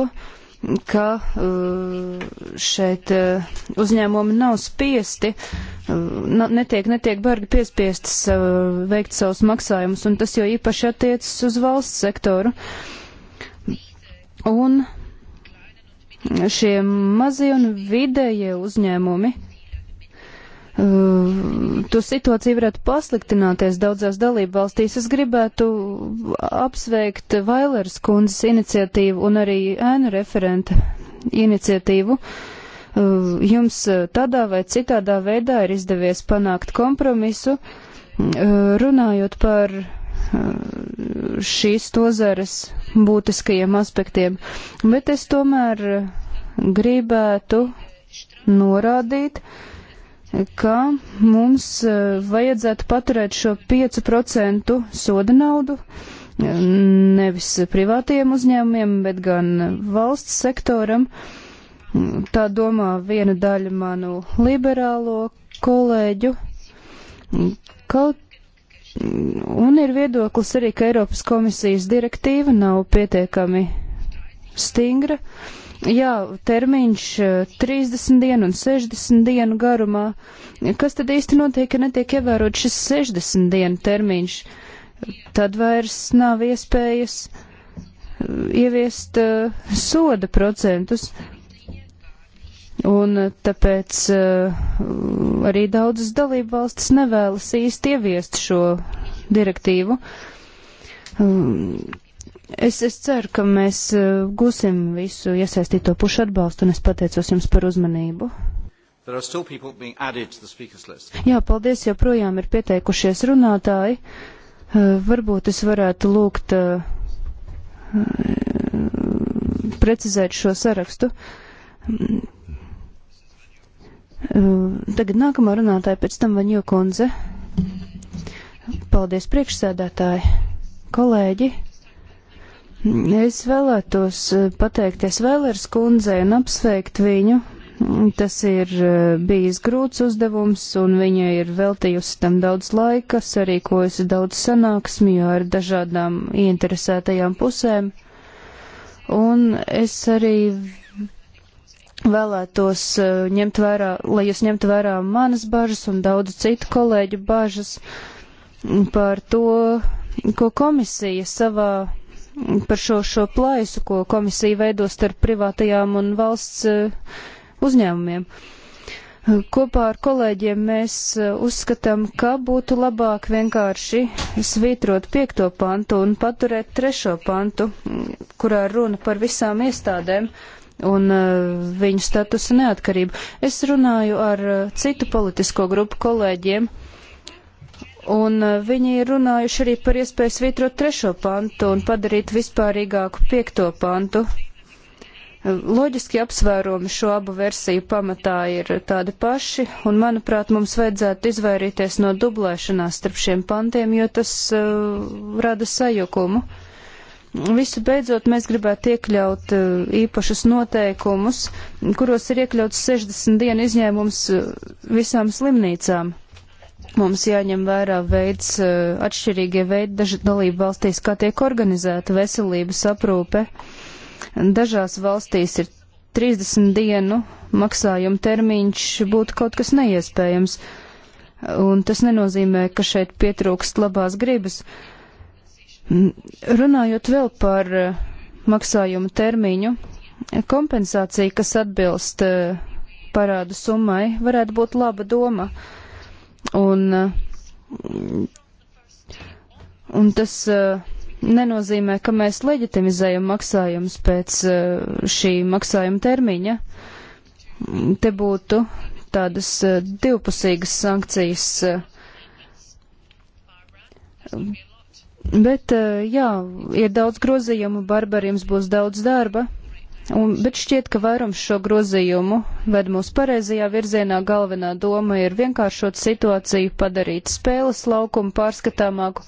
ka uh, šeit uh, uzņēmumi nav spiesti, uh, netiek, netiek bargi piespiestas veikt savus maksājumus, un tas jau īpaši attiecas uz valsts sektoru. Un šie mazie un vidējie uzņēmumi Uh, to situācija varētu pasliktināties daudzās dalību valstīs. Es gribētu apsveikt Vailers kundzes iniciatīvu un arī ēnu referenta iniciatīvu. Uh, jums uh, tādā vai citādā veidā ir izdevies panākt kompromisu, runājot par šīs tozares būtiskajiem aspektiem. Bet es tomēr gribētu norādīt, uh, ka mums e, vajadzētu paturēt šo 5% soda naudu e, nevis privātiem uzņēmumiem, bet gan valsts sektoram. Tā domā viena daļa manu liberālo kolēģu. Kaut un ir viedoklis arī, ka Eiropas komisijas direktīva nav pietiekami stingra. Uh, jā, termiņš 30 eh, dienu un 60 dienu garumā. Kas tad īsti notiek, ja netiek ievērot šis 60 dienu termiņš? Tad vairs nav iespējas eh, ieviest uh, soda procentus. Un tāpēc uh, arī daudzas dalību valstis nevēlas īsti ieviest šo direktīvu. Um, Es, es ceru, ka mēs uh, gūsim visu iesaistīto pušu atbalstu, un es pateicos jums par uzmanību. Jā, paldies, joprojām ir pieteikušies runātāji. Uh, varbūt es varētu lūgt uh, precizēt šo sarakstu. Mm. Tagad nākamā runātāja, pēc tam Vaņo kundze. Paldies priekšsēdētāji, kolēģi. Es vēlētos eh, pateikties Vēlers kundzei un apsveikt viņu. Tas ir eh, bijis grūts uzdevums, un viņa ir veltījusi tam daudz laika, sarīkojusi daudz sanāksmju ar dažādām ieinteresētajām pusēm. Un es arī vēlētos eh, ņemt vērā, lai jūs ņemtu vērā manas bažas un daudzu citu kolēģu bažas par to, ko komisija savā par šo, šo plaisu, ko komisija veidos starp privātajām un valsts eh, uzņēmumiem. Kopā ar kolēģiem mēs eh, uzskatām, ka būtu labāk vienkārši svītrot piekto pantu un paturēt trešo pantu, kurā runa par visām iestādēm un eh, viņu statusu neatkarību. Es runāju ar citu politisko grupu kolēģiem Un uh, viņi ir runājuši arī par iespēju svītrot trešo pantu un padarīt vispārīgāku piekto pantu. Uh, loģiski apsvērumi šo abu versiju pamatā ir tādi paši, un manuprāt, mums vajadzētu izvairīties no dublēšanās starp šiem pantiem, jo tas uh, rada sajukumu. Visu beidzot, mēs gribētu iekļaut uh, īpašus noteikumus, kuros ir iekļauts 60 dienu izņēmums visām slimnīcām. Uh, Mums jāņem vērā veids, eh, atšķirīgie veidi daži dalību valstīs, kā tiek organizēta veselības aprūpe. Dažās valstīs ir 30 dienu maksājuma termiņš būtu kaut kas neiespējams. Un tas nenozīmē, ka šeit pietrūkst labās gribas. Mm, runājot vēl par eh, maksājumu termiņu, kompensācija, kas atbilst eh, parādu summai, varētu būt laba doma. Uh, Un, eh, un tas eh, nenozīmē, ka mēs leģitimizējam maksājumus pēc eh, šī maksājuma termiņa. Te būtu tādas divpusīgas sankcijas. Bet, jā, ir daudz grozījumu, barbariem būs daudz darba. Un, bet šķiet, ka vairums šo grozījumu ved mūs pareizajā virzienā. Galvenā doma ir vienkāršot situāciju, padarīt spēles laukumu pārskatāmāku.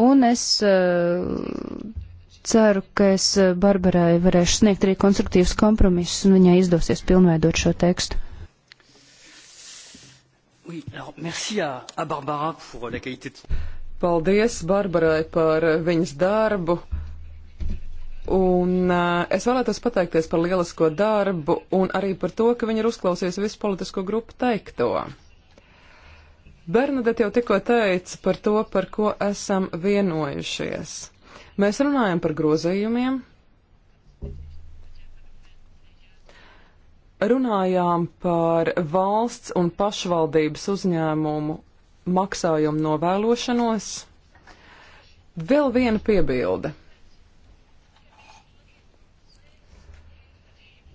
Un es uh, ceru, ka es eh, Barbarai varēšu sniegt arī konstruktīvus kompromisus un viņai izdosies pilnveidot šo tekstu. Oui, alors, merci à, à Barbara pour la qualité de... Paldies Barbarai par eh, viņas darbu Un uh, es vēlētos pateikties par lielisko darbu un arī par to, ka viņi ir uzklausījusi visu politisko grupu teikto. Bernadette jau tikko teica par to, par ko esam vienojušies. Mēs runājam par grozījumiem. Runājām par valsts un pašvaldības uzņēmumu maksājumu novēlošanos. Vēl viena piebilde.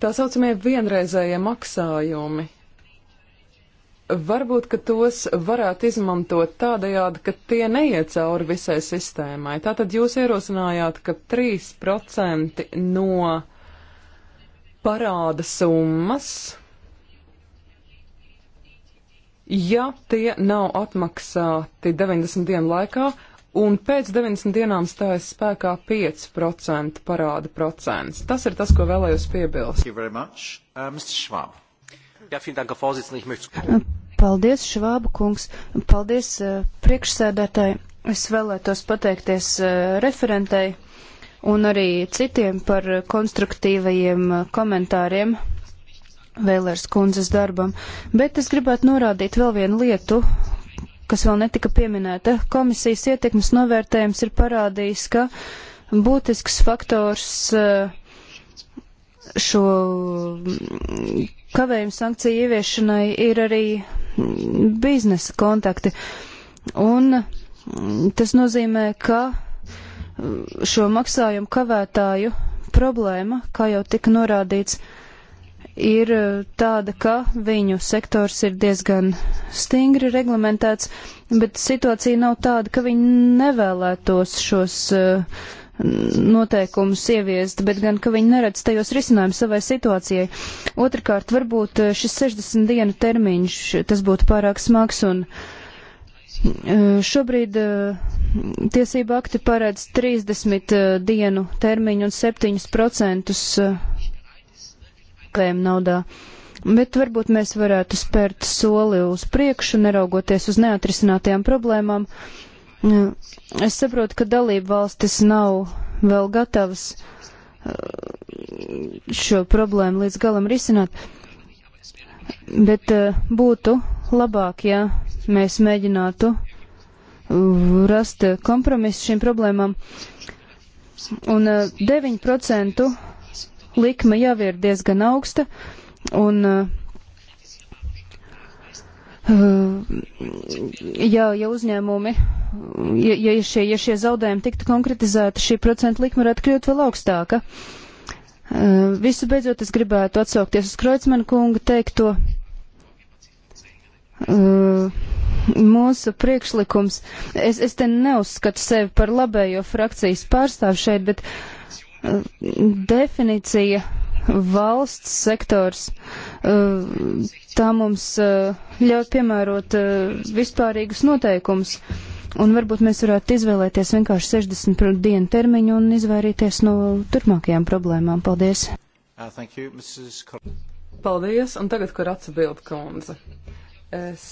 Tā saucamie vienreizējie maksājumi. Varbūt, ka tos varētu izmantot tādējādi, ka tie neiet cauri visai sistēmai. Tātad jūs ierosinājāt, ka 3% no parāda summas, ja tie nav atmaksāti 90 dienu laikā, un pēc 90 dienām stājas spēkā 5% parāda procents. Tas ir tas, ko vēlējos piebilst. Uh, äh, paldies, Švāba kungs. Paldies, äh, priekšsēdētāji. Es vēlētos pateikties äh, referentei un arī citiem par konstruktīvajiem komentāriem Vēlērs kundzes darbam, bet es gribētu norādīt vēl vienu lietu, kas vēl netika pieminēta. Komisijas ietekmes novērtējums ir parādījis, ka būtisks faktors eh, šo mm, kavējumu sankciju ieviešanai ir arī mm, biznesa kontakti. Un mm, tas nozīmē, ka šo maksājumu kavētāju problēma, kā jau tika norādīts, ir eh, tāda, ka viņu sektors ir diezgan stingri reglamentēts, bet situācija nav tāda, ka viņi nevēlētos šos eh, noteikumus ieviest, bet gan, ka viņi neredz tajos risinājumus savai situācijai. Otrakārt, varbūt eh, šis 60 dienu termiņš, tas būtu pārāk smags un šobrīd tiesība akti paredz 30 dienu termiņu un 7% riskējam naudā. Bet varbūt mēs varētu spērt soli uz priekšu, neraugoties uz neatrisinātajām problēmām. Mm, es saprotu, ka dalība valstis nav vēl gatavas mm, šo problēmu līdz galam risināt, bet mm, būtu labāk, ja mēs mēģinātu rast kompromisu šīm problēmām. Un 9% likme jau ir diezgan augsta, un eh, ja, ja uzņēmumi, ja, ja, šie, ja šie zaudējumi tiktu konkretizēti, šī procentu likme varētu kļūt vēl augstāka. Eh, visu beidzot es gribētu atsaukties uz Kreutzmanu kunga teikto. Uh, mūsu priekšlikums. Es, es te neuzskatu sevi par labējo frakcijas pārstāvu šeit, bet definīcija valsts sektors, eh, tā mums eh, ļauj piemērot eh, vispārīgus noteikumus. Un varbūt mēs varētu izvēlēties vienkārši 60 dienu termiņu un izvairīties no turpmākajām problēmām. Paldies! Uh, you, Paldies, un tagad, kur atsebild kundze. Es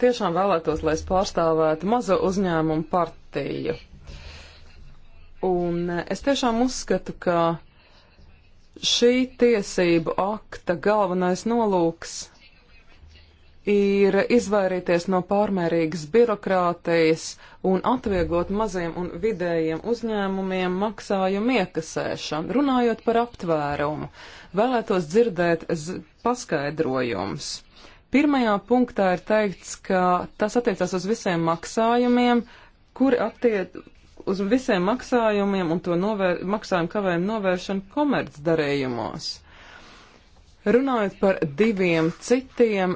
tiešām vēlētos, lai es pārstāvētu mazo uzņēmumu partiju. Un e, es tiešām uzskatu, ka šī tiesību akta galvenais nolūks ir izvairīties no pārmērīgas birokrātijas un atvieglot maziem un vidējiem uzņēmumiem maksājumu iekasēšanu. Runājot par aptvērumu, vēlētos dzirdēt paskaidrojums. Pirmajā punktā ir teikts, ka tas attiecās uz visiem maksājumiem, kuri attiec uz visiem maksājumiem un to novēr, maksājumu kavējumu novēršanu komercdarējumos. Runājot par diviem citiem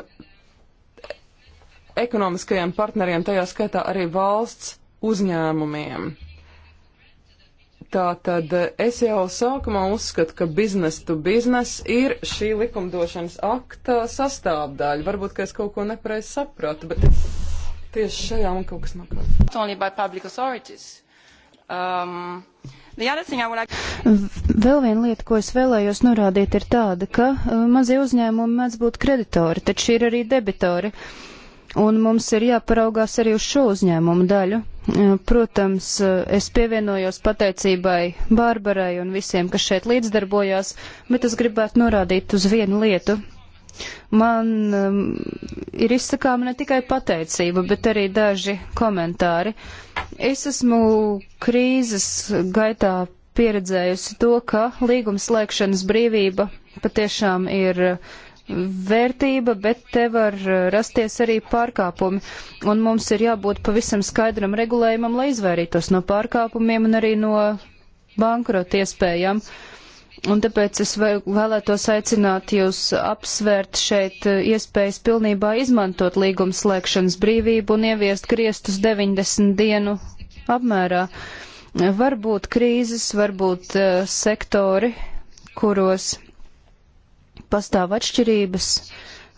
ekonomiskajiem partneriem, tajā skaitā arī valsts uzņēmumiem. Tātad es jau sākumā uzskatu, ka biznes to biznes ir šī likumdošanas akta sastāvdaļa. Varbūt, ka es kaut ko nepareizi sapratu, bet tieši šajā man kaut kas nav kārtībā. Um, like... Vēl viena lieta, ko es vēlējos norādīt, ir tāda, ka uh, mazie uzņēmumi mēdz būt kreditori, taču ir arī debitori. Un mums ir jāparaugās arī uz šo uzņēmumu daļu. Uh, protams, uh, es pievienojos pateicībai Bārbarai un visiem, kas šeit līdzdarbojās, bet es gribētu norādīt uz vienu lietu. Man um, ir izsakām ne tikai pateicība, bet arī daži komentāri. Es esmu krīzes gaitā pieredzējusi to, ka līguma slēgšanas brīvība patiešām ir vērtība, bet te var rasties arī pārkāpumi. Un mums ir jābūt pavisam skaidram regulējumam, lai izvairītos no pārkāpumiem un arī no bankrota iespējām. Uh, Un tāpēc es vēlētos aicināt jūs apsvērt šeit eh, iespējas pilnībā izmantot līguma slēgšanas brīvību un ieviest griestus 90 dienu apmērā. Varbūt krīzes, varbūt uh, sektori, kuros pastāv atšķirības,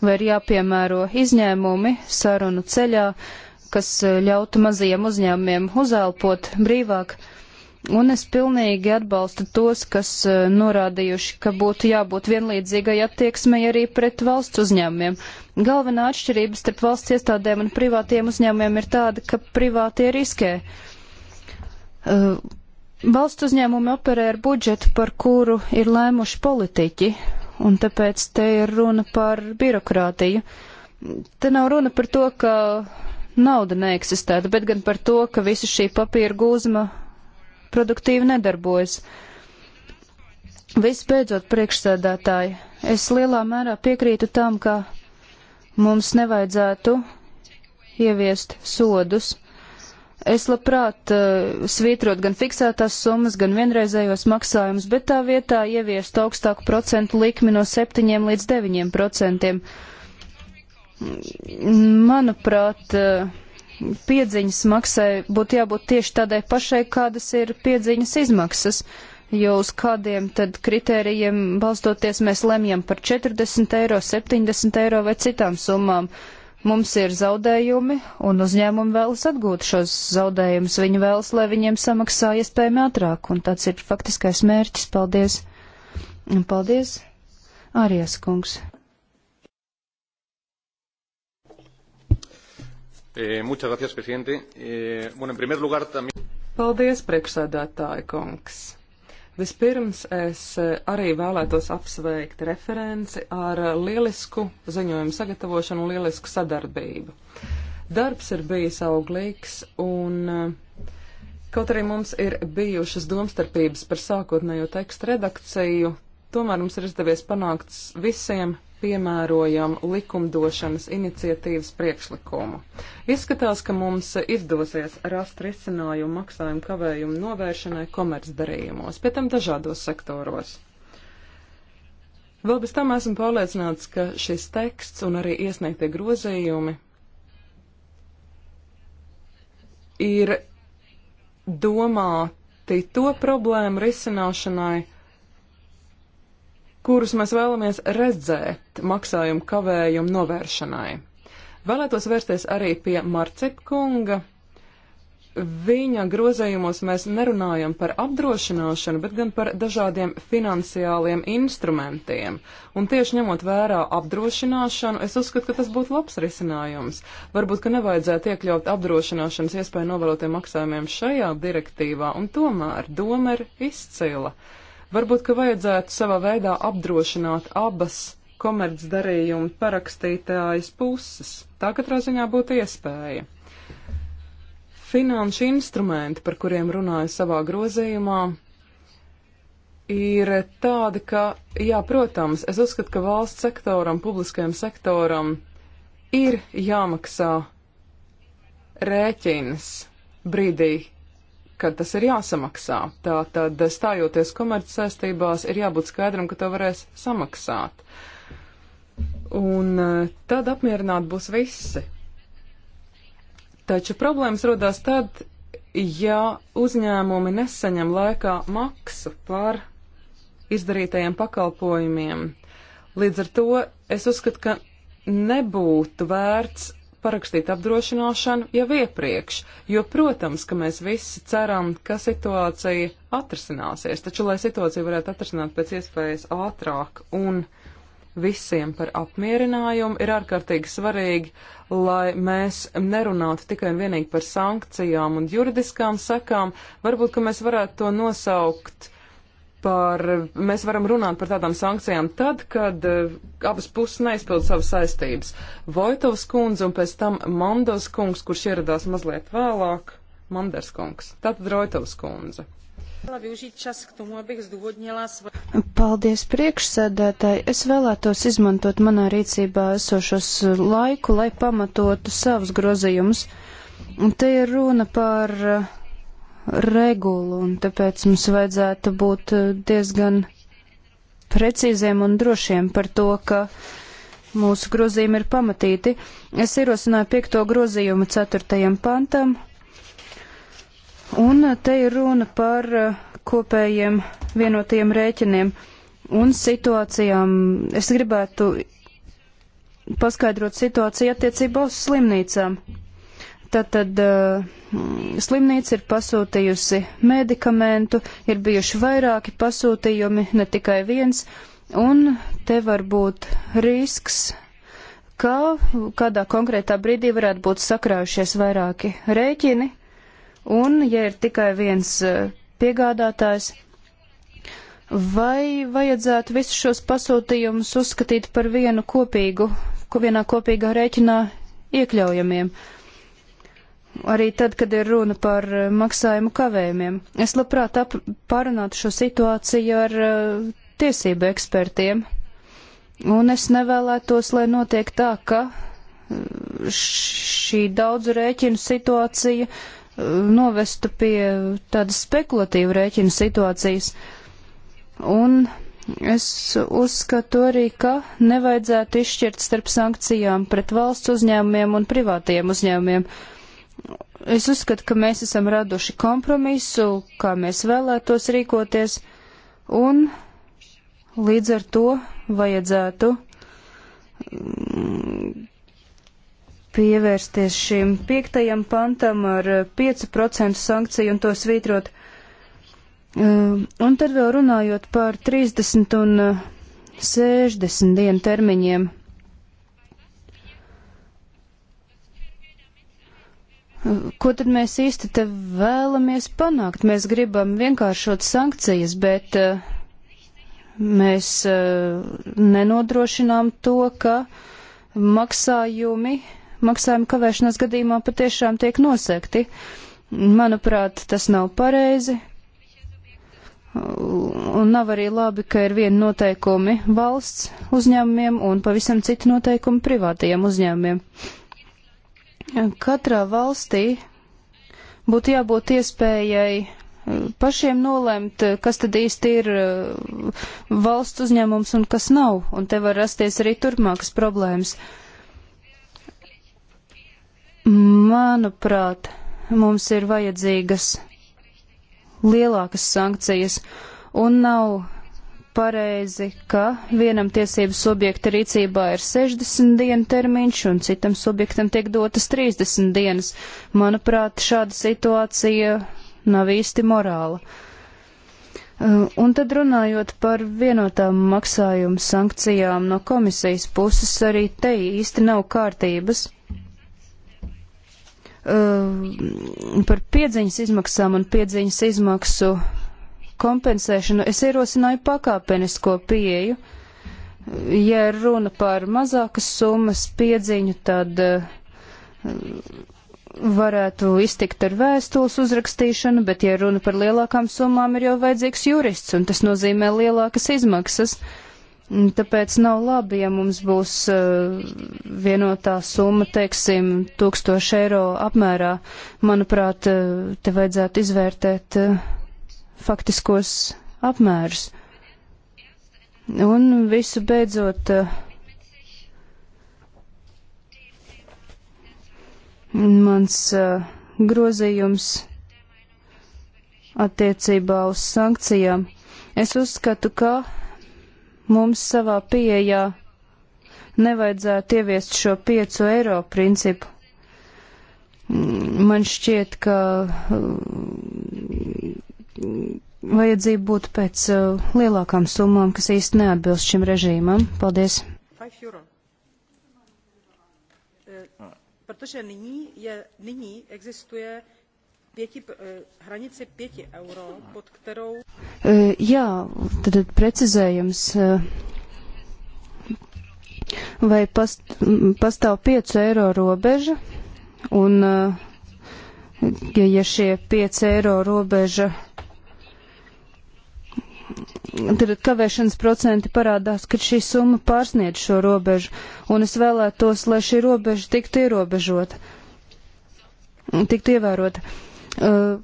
vai ir jāpiemēro izņēmumi sarunu ceļā, kas eh, ļautu mazajiem uzņēmumiem uzelpot brīvāk. Uh, Un es pilnīgi atbalstu tos, kas e, norādījuši, ka būtu jābūt vienlīdzīgai attieksmei arī pret valsts uzņēmumiem. Galvenā atšķirība starp valsts iestādēm un privātiem uzņēmumiem ir tāda, ka privātie riskē. E, valsts uzņēmumi operē ar budžetu, par kuru ir lēmuši politiķi, un tāpēc te ir runa par birokrātiju. Te nav runa par to, ka nauda neeksistētu, bet gan par to, ka visa šī papīra gūzma produktīvi nedarbojas. Visbeidzot, priekšsēdētāji, es lielā mērā piekrītu tam, ka mums nevajadzētu ieviest sodus. Es labprāt uh, svītrot gan fiksētās summas, gan vienreizējos maksājumus, bet tā vietā ieviest augstāku procentu likmi no 7 līdz 9 procentiem. Manuprāt, uh, piedziņas maksai būtu jābūt tieši tādai pašai, kādas ir piedziņas izmaksas, jo uz kādiem tad kritērijiem balstoties mēs lemjam par 40 eiro, 70 eiro vai citām summām. Mums ir zaudējumi, un uzņēmumi vēlas atgūt šos zaudējumus. Viņi vēlas, lai viņiem samaksā iespējami ātrāk, un tāds ir faktiskais mērķis. Paldies! Un paldies, Arijas kungs! Eh, muchas gracias, presidente. Eh, bueno, en primer lugar, también. Paldies, priekšsēdētāja kungs. Vispirms es eh, arī vēlētos apsveikt referenci ar eh, lielisku ziņojumu sagatavošanu un lielisku sadarbību. Darbs ir bijis auglīgs un eh, kaut arī mums ir bijušas domstarpības par sākotnējo tekstu redakciju, tomēr mums ir izdevies panākt visiem piemērojam likumdošanas iniciatīvas priekšlikumu. Izskatās, ka mums izdosies rast risinājumu maksājumu kavējumu novēršanai komercdarījumos, pie tam dažādos sektoros. Vēl bez tam esmu pārliecināts, ka šis teksts un arī iesniegtie grozījumi ir domāti to problēmu risināšanai, kurus mēs vēlamies redzēt maksājumu kavējumu novēršanai. Vēlētos vērsties arī pie Marcepkunga. Viņa grozējumos mēs nerunājam par apdrošināšanu, bet gan par dažādiem finansiāliem instrumentiem. Un tieši ņemot vērā apdrošināšanu, es uzskatu, ka tas būtu labs risinājums. Varbūt, ka nevajadzētu iekļaut apdrošināšanas iespēju novēlotiem maksājumiem šajā direktīvā, un tomēr doma ir izcila. Uh, Varbūt, ka vajadzētu savā veidā apdrošināt abas komercdarījumu parakstītājas puses. Tā katrā ziņā būtu iespēja. Finanšu instrumenti, par kuriem runāju savā grozījumā, ir tādi, ka, jā, protams, es uzskatu, ka valsts sektoram, publiskajam sektoram ir jāmaksā rēķins brīdī, kad tas ir jāsamaksā. Tātad, stājoties komerc saistībās, ir jābūt skaidram, ka to varēs samaksāt. Un eh, tad apmierināt būs visi. Taču problēmas rodās tad, ja uzņēmumi nesaņem laikā maksu par izdarītajiem pakalpojumiem. Līdz ar to es uzskatu, ka nebūtu vērts parakstīt apdrošināšanu jau iepriekš, jo, protams, ka mēs visi ceram, ka situācija atrisināsies, taču, lai situācija varētu atrisināt pēc iespējas ātrāk un visiem par apmierinājumu, ir ārkārtīgi svarīgi, lai mēs nerunātu tikai un vienīgi par sankcijām un juridiskām sekām, varbūt, ka mēs varētu to nosaukt par, mēs varam runāt par tādām sankcijām tad, kad uh, abas puses neizpild savas saistības. Vojtovs kundze un pēc tam Mandos kungs, kurš ieradās mazliet vēlāk, Manders kungs, tātad Rojtovs kundze. Paldies priekšsēdētāji. Es vēlētos izmantot manā rīcībā esošos laiku, lai pamatotu savus grozījumus. Un te ir runa par uh, regulu, un tāpēc mums vajadzētu būt eh, diezgan precīziem un drošiem par to, ka mūsu grozījumi ir pamatīti. Es ierosināju piekto grozījumu ceturtajam pantam, un eh, te ir runa par eh, kopējiem vienotiem rēķiniem un situācijām. Es gribētu paskaidrot situāciju attiecībā uz slimnīcām. Tātad eh, slimnīca ir pasūtījusi medikamentu, ir bijuši vairāki pasūtījumi, ne tikai viens, un te var būt risks, ka kādā konkrētā brīdī varētu būt sakrājušies vairāki rēķini, un, ja ir tikai viens eh, piegādātājs, vai vajadzētu visus šos pasūtījumus uzskatīt par vienu kopīgu, ko vienā kopīgā rēķinā iekļaujamiem? Uh, arī tad, kad ir runa par eh, maksājumu kavējumiem. Es labprāt pārunātu šo situāciju ar uh, tiesību ekspertiem, un es nevēlētos, lai notiek tā, ka eh, šī daudzu rēķinu situācija uh, novestu pie tādas spekulatīvu rēķinu situācijas. Un es uzskatu arī, ka nevajadzētu izšķirt starp sankcijām pret valsts uzņēmumiem un privātiem uzņēmumiem. Uh, Es uzskatu, ka mēs esam raduši kompromisu, kā mēs vēlētos rīkoties, un līdz ar to vajadzētu mm, pievērsties šim piektajam pantam ar 5% sankciju un to svītrot. Ehm, un tad vēl runājot par 30 un 60 eh, dienu termiņiem. Ko tad mēs īsti te vēlamies panākt? Mēs gribam vienkāršot sankcijas, bet eh, mēs eh, nenodrošinām to, ka maksājumi, maksājumi kavēšanās gadījumā patiešām tiek nosekti. Manuprāt, tas nav pareizi. Un nav arī labi, ka ir viena noteikumi valsts uzņēmumiem un pavisam citi noteikumi privātajiem uzņēmumiem katrā valstī būtu jābūt iespējai eh, pašiem nolemt, eh, kas tad īsti ir eh, valsts uzņēmums un kas nav, un te var rasties arī turpmākas problēmas. Manuprāt, mums ir vajadzīgas lielākas sankcijas un nav pareizi, ka vienam tiesību subjekta rīcībā ir 60 dienu termiņš un citam subjektam tiek dotas 30 dienas. Manuprāt, šāda situācija nav īsti morāla. Uh, un tad runājot par vienotām maksājumu sankcijām no komisijas puses, arī te īsti nav kārtības. Uh, par piedziņas izmaksām un piedziņas izmaksu kompensēšanu, es ierosināju pakāpenisko pieeju. Ja runa par mazākas summas piedziņu, tad eh, varētu iztikt ar vēstules uzrakstīšanu, bet, ja runa par lielākām summām, ir jau vajadzīgs jurists, un tas nozīmē lielākas izmaksas. Tāpēc nav labi, ja mums būs uh, vienotā summa, teiksim, 1000 eiro apmērā. Manuprāt, uh, te vajadzētu izvērtēt uh, faktiskos apmērus. Un visu beidzot. Mans eh, grozījums attiecībā uz sankcijām. Es uzskatu, ka mums savā pieejā nevajadzētu ieviest šo 5 eiro principu. Mm, man šķiet, ka vajadzība būtu pēc uh, lielākām summām, kas īsti neatbilst šim režīmam. Paldies. Eh, protože nyní, je, nyní existuje pěti, eh, hranici 5 euro, pod kterou... Uh, jā, tad precizējums. Uh, vai past, pastāv 5 eiro robeža? Un, ja, ja šie 5 eiro robeža tad kavēšanas procenti parādās, kad šī summa pārsniedz šo robežu, un es vēlētos, lai šī robeža tiktu ierobežota, tiktu ievērota. Uh,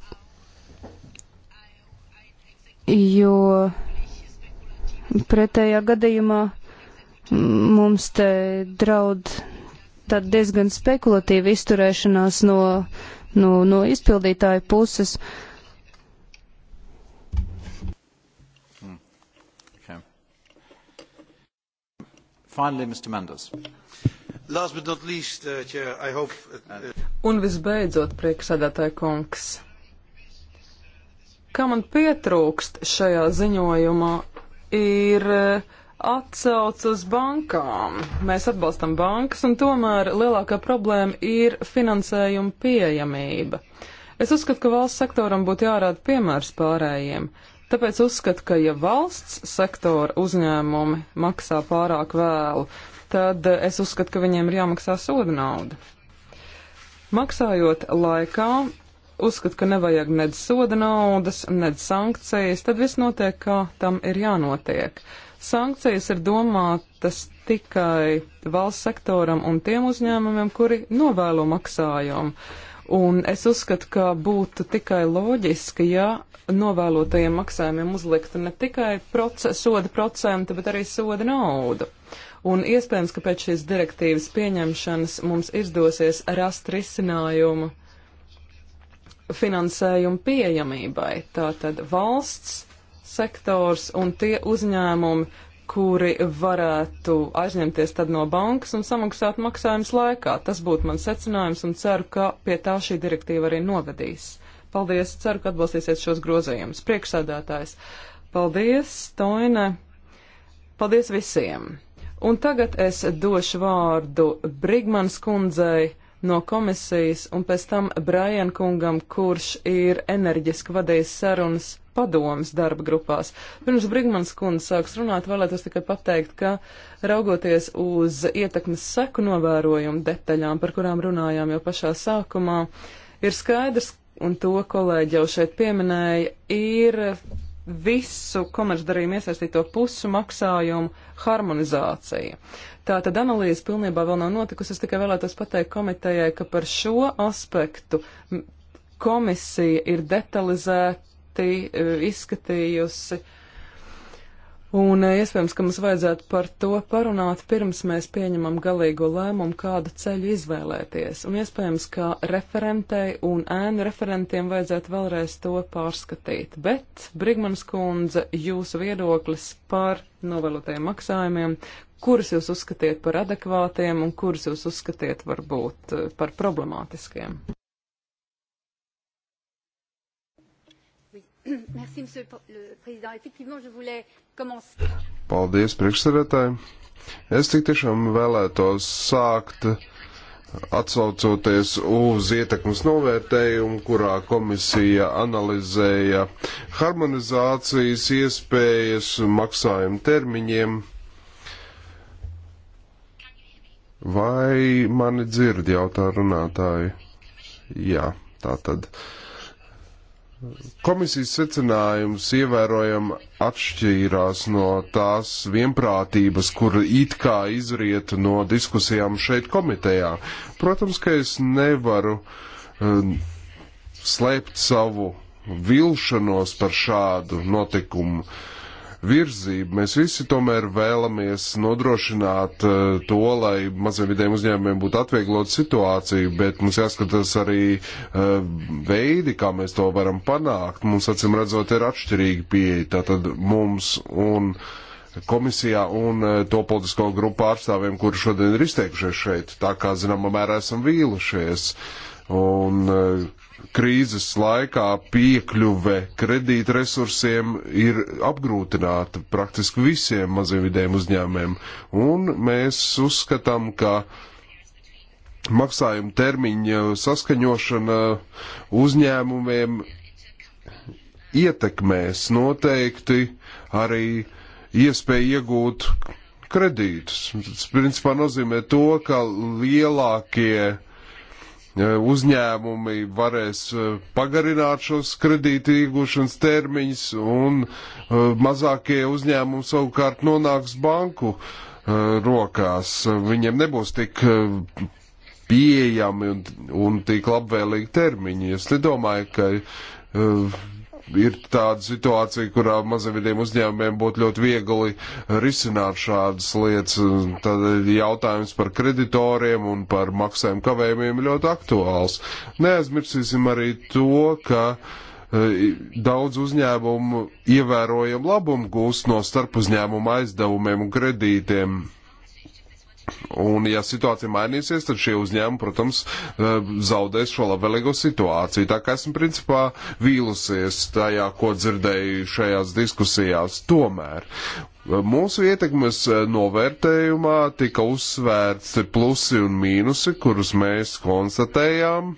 jo pretējā gadījumā mums te draud tāda diezgan spekulatīva izturēšanās no, no, no izpildītāja puses. Uh, Finally, Mr. Mendes. Last but not least, uh, Chair, I hope... Uh, uh Un visbeidzot, priekšsēdētāji kungs, kā man pietrūkst šajā ziņojumā, ir uh, atsauc uz bankām. Mēs atbalstam bankas, un tomēr lielākā problēma ir finansējuma pieejamība. Es uzskatu, ka valsts sektoram būtu jārāda piemērs pārējiem. Uh, Tāpēc uzskatu, ka ja valsts sektora uzņēmumi maksā pārāk vēlu, tad es uzskatu, ka viņiem ir jāmaksā soda nauda. Maksājot laikā, uzskatu, ka nevajag nedz soda naudas, nedz sankcijas, tad viss notiek, kā tam ir jānotiek. Sankcijas ir domātas tikai valsts sektoram un tiem uzņēmumiem, kuri novēlo maksājumu. Un es uzskatu, ka būtu tikai loģiski, ja novēlotajiem maksājumiem uzliktu ne tikai proce soda procentu, bet arī soda naudu. Un iespējams, ka pēc šīs direktīvas pieņemšanas mums izdosies rast risinājumu finansējumu pieejamībai. Tātad valsts sektors un tie uzņēmumi, kuri varētu aizņemties tad no bankas un samaksāt maksājumus laikā. Tas būtu mans secinājums un ceru, ka pie tā šī direktīva arī novedīs. Paldies, ceru, ka atbalstīsiet šos grozījumus. Priekšsēdētājs, paldies, Toine, paldies visiem. Un tagad es došu vārdu Brigmanas kundzei no komisijas, un pēc tam Brian kungam, kurš ir enerģiski vadījis sarunas padomas darba grupās. Pirms Brigmans kundze sāks runāt, vēlētos tikai pateikt, ka raugoties uz ietekmes seku novērojumu detaļām, par kurām runājām jau pašā sākumā, ir skaidrs, un to kolēģi jau šeit pieminēja, ir visu komercdarījumu iesaistīto pusu maksājumu harmonizācija. Tā tad analīze pilnībā vēl nav notikusi. Es tikai vēlētos pateikt komitejai, ka par šo aspektu komisija ir detalizēti e, izskatījusi uh, Un eh, iespējams, ka mums vajadzētu par to parunāt pirms mēs pieņemam galīgo lēmumu, kādu ceļu izvēlēties. Un iespējams, ka referentei un ēnu referentiem vajadzētu vēlreiz to pārskatīt. Bet, Brigmanas kundze, jūsu viedoklis par novēlotajiem maksājumiem, kurus jūs uzskatiet par adekvātiem un kurus jūs uzskatiet varbūt eh, par problemātiskiem? *coughs* Merci, Monsieur le Président. Effectivement, je voulais commencer. Paldies, priekšsēdētāji. Es tik tiešām vēlētos sākt atsaucoties uz ietekmes novērtējumu, kurā komisija analizēja harmonizācijas iespējas maksājumu termiņiem. Vai mani dzird jautā runātāji? Jā, tā tad. Uh, Komisijas secinājums ievērojami atšķīrās no tās vienprātības, kur it kā izriet no diskusijām šeit komitejā. Protams, ka es nevaru uh, slēpt savu vilšanos par šādu notikumu. Uh, virzību. Mēs visi tomēr vēlamies nodrošināt eh, to, lai maziem vidējiem uzņēmumiem būtu atvieglot situāciju, bet mums jāskatās arī eh, veidi, kā mēs to varam panākt. Mums, acim redzot, ir atšķirīgi pieeja. Tātad mums un komisijā un eh, to politisko grupu pārstāvjiem, kuri šodien ir izteikušies šeit, tā kā zināmā mērā esam vīlušies. Uh, Un eh, krīzes laikā piekļuve kredītresursiem ir apgrūtināta praktiski visiem maziem vidējiem uzņēmumiem. Un mēs uzskatām, ka maksājuma termiņa saskaņošana uzņēmumiem ietekmēs noteikti arī iespēju iegūt kredītus. Tas principā nozīmē to, ka lielākie uh, uzņēmumi varēs eh, pagarināt šos kredīti iegūšanas termiņus, un eh, mazākie uzņēmumi savukārt nonāks banku eh, rokās. Viņiem nebūs tik pieejami un, un tik labvēlīgi termiņi. Es nedomāju, ka ir tāda situācija, kurā mazavīdiem uzņēmumiem būtu ļoti viegli risināt šādas lietas. Tad jautājums par kreditoriem un par maksājumu kavējumiem ir ļoti aktuāls. Neaizmirsīsim arī to, ka e, daudz uzņēmumu ievērojam labumu gūst no starpuzņēmumu aizdevumiem un kredītiem. Un, ja situācija mainīsies, tad šie uzņēmumi, protams, eh, zaudēs šo labvēlīgo situāciju. Tā kā esmu principā vīlusies tajā, ko dzirdēju šajās diskusijās. Tomēr eh, mūsu ietekmes eh, novērtējumā tika uzsvērts plusi un mīnusi, kurus mēs konstatējām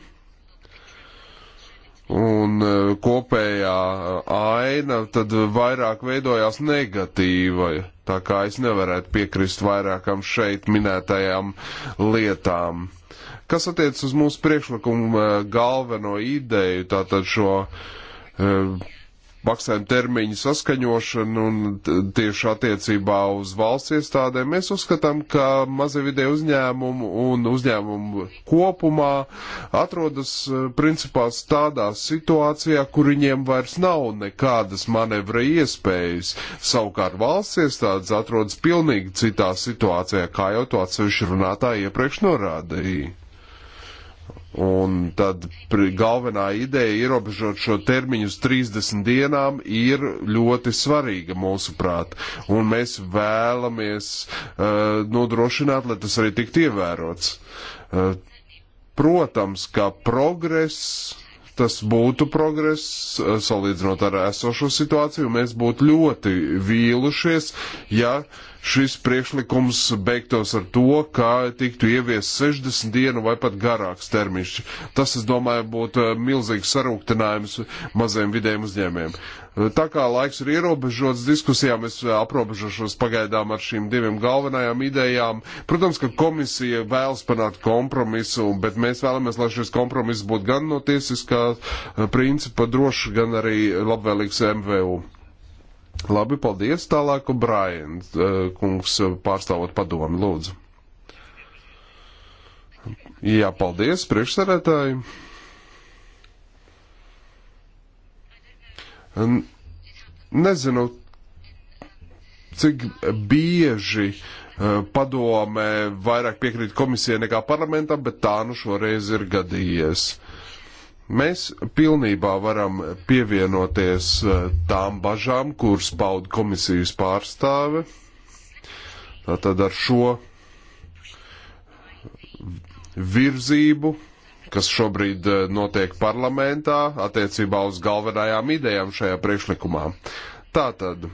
un eh, kopējā eh, aina tad vairāk veidojās negatīva, tā kā es nevarētu piekrist vairākam šeit minētajām lietām. Kas attiec uz mūsu priekšlikumu eh, galveno ideju, tātad šo uh, maksājuma termiņu saskaņošanu un tieši attiecībā uz valsts iestādēm, mēs uzskatām, ka mazie vidē uzņēmumu un uzņēmumu kopumā atrodas e, principā tādā situācijā, kur viņiem vairs nav nekādas manevra iespējas. Savukārt valsts iestādes atrodas pilnīgi citā situācijā, kā jau to atsevišķi runātāji iepriekš norādīja. Un tad galvenā ideja ierobežot šo termiņu uz 30 dienām ir ļoti svarīga mūsuprāt. Un mēs vēlamies uh, nodrošināt, lai tas arī tiktu ievērots. Uh, protams, ka progress, tas būtu progress uh, salīdzinot ar esošo situāciju, mēs būtu ļoti vīlušies, ja uh, šis priekšlikums beigtos ar to, ka tiktu ievies 60 dienu vai pat garāks termiņš. Tas, es domāju, būtu eh, milzīgs sarūktinājums maziem vidējiem uzņēmējiem. Eh, tā kā laiks ir ierobežots diskusijām, es eh, aprobežošos pagaidām ar šīm diviem galvenajām idejām. Protams, ka komisija vēlas panākt kompromisu, bet mēs vēlamies, lai šis kompromiss būtu gan no tiesiskā principa drošs, gan arī labvēlīgs MVU. Labi, paldies. Tālāk, Brian, eh, kungs pārstāvot padomi, lūdzu. Jā, paldies, priekšsarētāji. Nezinu, cik bieži eh, padome vairāk piekrīt komisijai nekā parlamentam, bet tā nu šoreiz ir gadījies. Uh, Mēs pilnībā varam pievienoties eh, tām bažām, kuras paud komisijas pārstāve. Tātad ar šo virzību, kas šobrīd eh, notiek parlamentā attiecībā uz galvenajām idejām šajā priekšlikumā. Tātad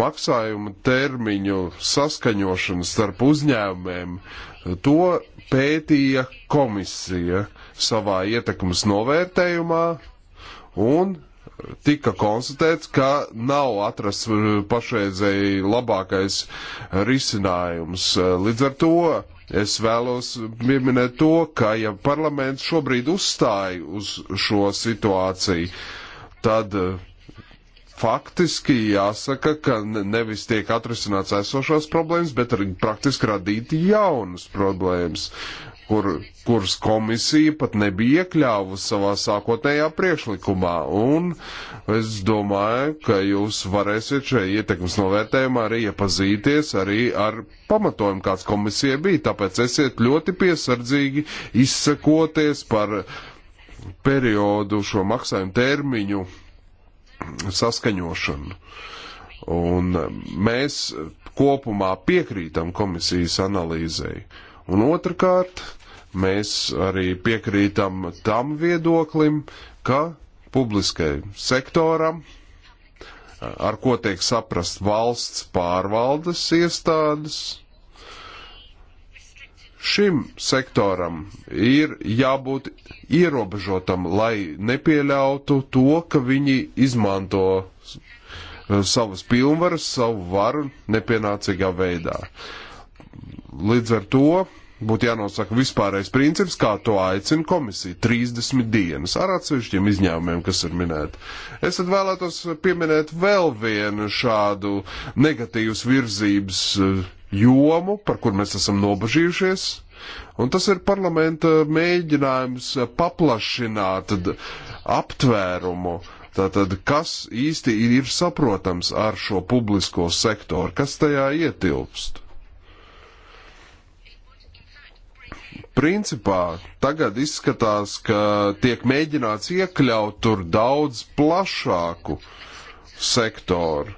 maksājumu termiņu saskaņošana starp uzņēmumiem, to pētīja komisija savā ietekmes novērtējumā un tika konstatēts, ka nav atrasts uh, pašreizēji labākais uh, risinājums. Uh, līdz ar to es vēlos pieminēt to, ka ja parlaments šobrīd uzstāja uz šo situāciju, tad faktiski jāsaka, ka nevis tiek atrisināts esošās problēmas, bet arī praktiski radīti jaunas problēmas kur, kuras komisija pat nebija iekļāvusi savā sākotnējā priekšlikumā. Un es domāju, ka jūs varēsiet šajā ietekmes novērtējumā arī iepazīties arī ar pamatojumu, kāds komisija bija. Tāpēc esiet ļoti piesardzīgi izsakoties par periodu šo maksājumu termiņu saskaņošanu. Un mēs kopumā piekrītam komisijas analīzei. Un otrkārt, Mēs arī piekrītam tam viedoklim, ka publiskai sektoram, ar ko tiek saprast valsts pārvaldes iestādes, šim sektoram ir jābūt ierobežotam, lai nepieļautu to, ka viņi izmanto savas pilnvaras, savu varu nepienācīgā veidā. Līdz ar to Būtu jānosaka vispārējais princips, kā to aicina komisija - 30 dienas ar atsevišķiem izņēmumiem, kas ir minēti. Es tad vēlētos pieminēt vēl vienu šādu negatīvas virzības eh, jomu, par kur mēs esam nobažījušies, Un tas ir parlamenta mēģinājums paplašināt aptvērumu. Tātad, kas īsti ir saprotams ar šo publisko sektoru, kas tajā ietilpst? Principā tagad izskatās, ka tiek mēģināts iekļaut tur daudz plašāku sektoru,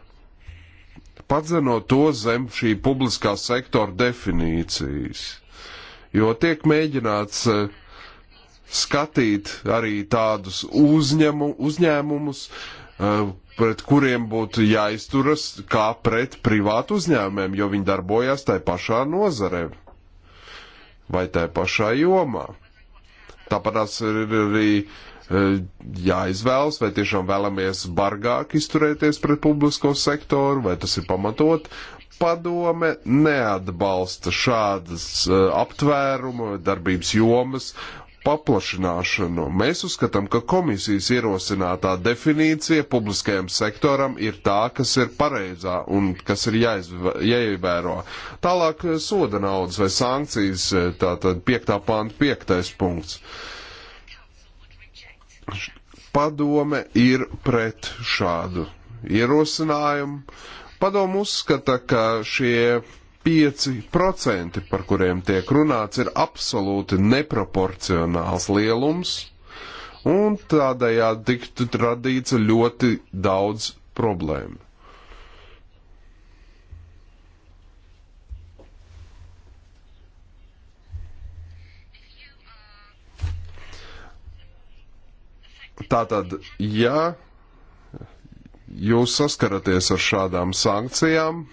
padzenot to zem šī publiskā sektora definīcijas, jo tiek mēģināts eh, skatīt arī tādus uzņemu, uzņēmumus, eh, pret kuriem būtu jāizturas kā pret privātu uzņēmumiem, jo viņi darbojas tajā pašā nozarē vai tā pašā jomā. Tāpat tas ir arī e, jāizvēlas, vai tiešām vēlamies bargāk izturēties pret publisko sektoru, vai tas ir pamatot. Padome neatbalsta šādas e, aptvērumu, darbības jomas paplašināšanu. Mēs uzskatām, ka komisijas ierosinātā definīcija publiskajam sektoram ir tā, kas ir pareizā un kas ir jāievēro. Tālāk eh, soda naudas vai sankcijas, eh, tātad 5. pānta 5. punkts. Padome ir pret šādu ierosinājumu. Padomu uzskata, ka šie 5%, par kuriem tiek runāts, ir absolūti neproporcionāls lielums, un tādējādi tiktu radīts ļoti daudz problēmu. Tātad, ja jūs saskaraties ar šādām sankcijām,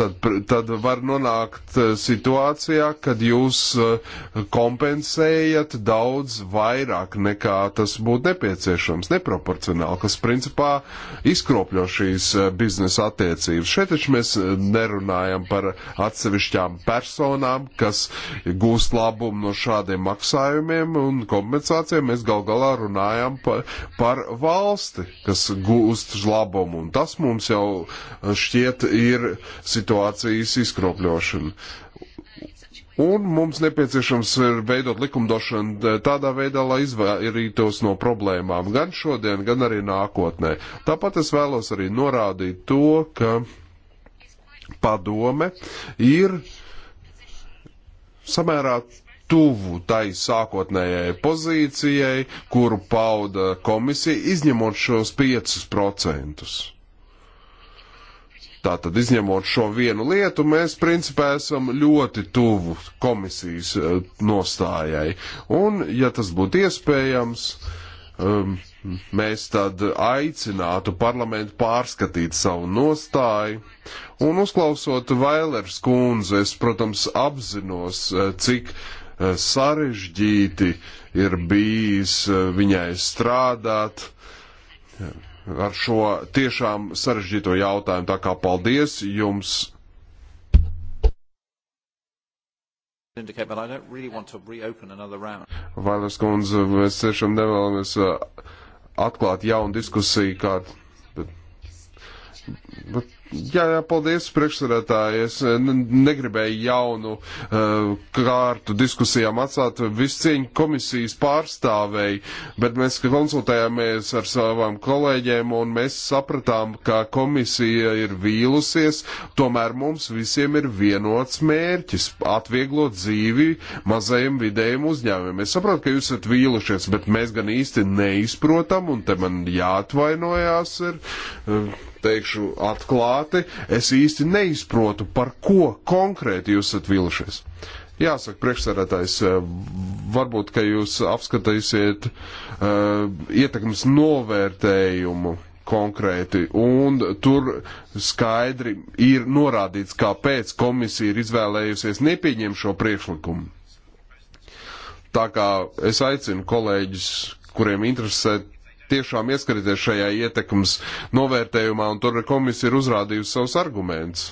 tad, tad var nonākt eh, situācijā, kad jūs eh, kompensējat daudz vairāk nekā tas būtu nepieciešams, neproporcionāli, kas principā izkropļo šīs eh, biznesa attiecības. Šeit taču mēs nerunājam par atsevišķām personām, kas gūst labumu no šādiem maksājumiem un kompensācijām. Mēs gal galā runājam par, par valsti, kas gūst labumu, un tas mums jau šķiet ir situācija situācijas izkropļošanu. Un mums nepieciešams ir veidot likumdošanu eh, tādā veidā, lai izvairītos no problēmām gan šodien, gan arī nākotnē. Tāpat es vēlos arī norādīt to, ka padome ir samērā tuvu tai sākotnējai pozīcijai, kuru pauda komisija, izņemot šos 5%. Tātad, izņemot šo vienu lietu, mēs principā esam ļoti tuvu komisijas eh, nostājai. Un, ja tas būtu iespējams, um, mēs tad aicinātu parlamentu pārskatīt savu nostāju. Un uzklausot Vailers kundzi, es, protams, apzinos, eh, cik eh, sarežģīti ir bijis viņai strādāt ar šo tiešām sarežģīto jautājumu. Tā kā paldies jums! Vailers kundze, mēs tiešām nevēlamies uh, atklāt jaunu diskusiju kādu. Bet, bet Jā, jā, paldies, priekšsarētāji. Es eh, negribēju jaunu uh, kārtu diskusijām atstāt viscieņu komisijas pārstāvēji, bet mēs konsultējāmies ar savām kolēģiem un mēs sapratām, ka komisija ir vīlusies, tomēr mums visiem ir vienots mērķis - atvieglot dzīvi mazajiem vidējiem uzņēmumiem. Es saprotu, ka jūs esat vīlušies, bet mēs gan īsti neizprotam, un te man jāatvainojās. Ir, uh, teikšu atklāti, es īsti neizprotu, par ko konkrēti jūs esat vilšies. Jāsaka, priekšsēdētājs, eh, varbūt, ka jūs apskatīsiet uh, ietekmes novērtējumu konkrēti, un tur skaidri ir norādīts, kāpēc komisija ir izvēlējusies nepieņem šo priekšlikumu. Tā kā es aicinu kolēģis, kuriem interesē tiešām ieskarieties šajā ietekmes novērtējumā, un tur komisija ir uzrādījusi savus argumentus.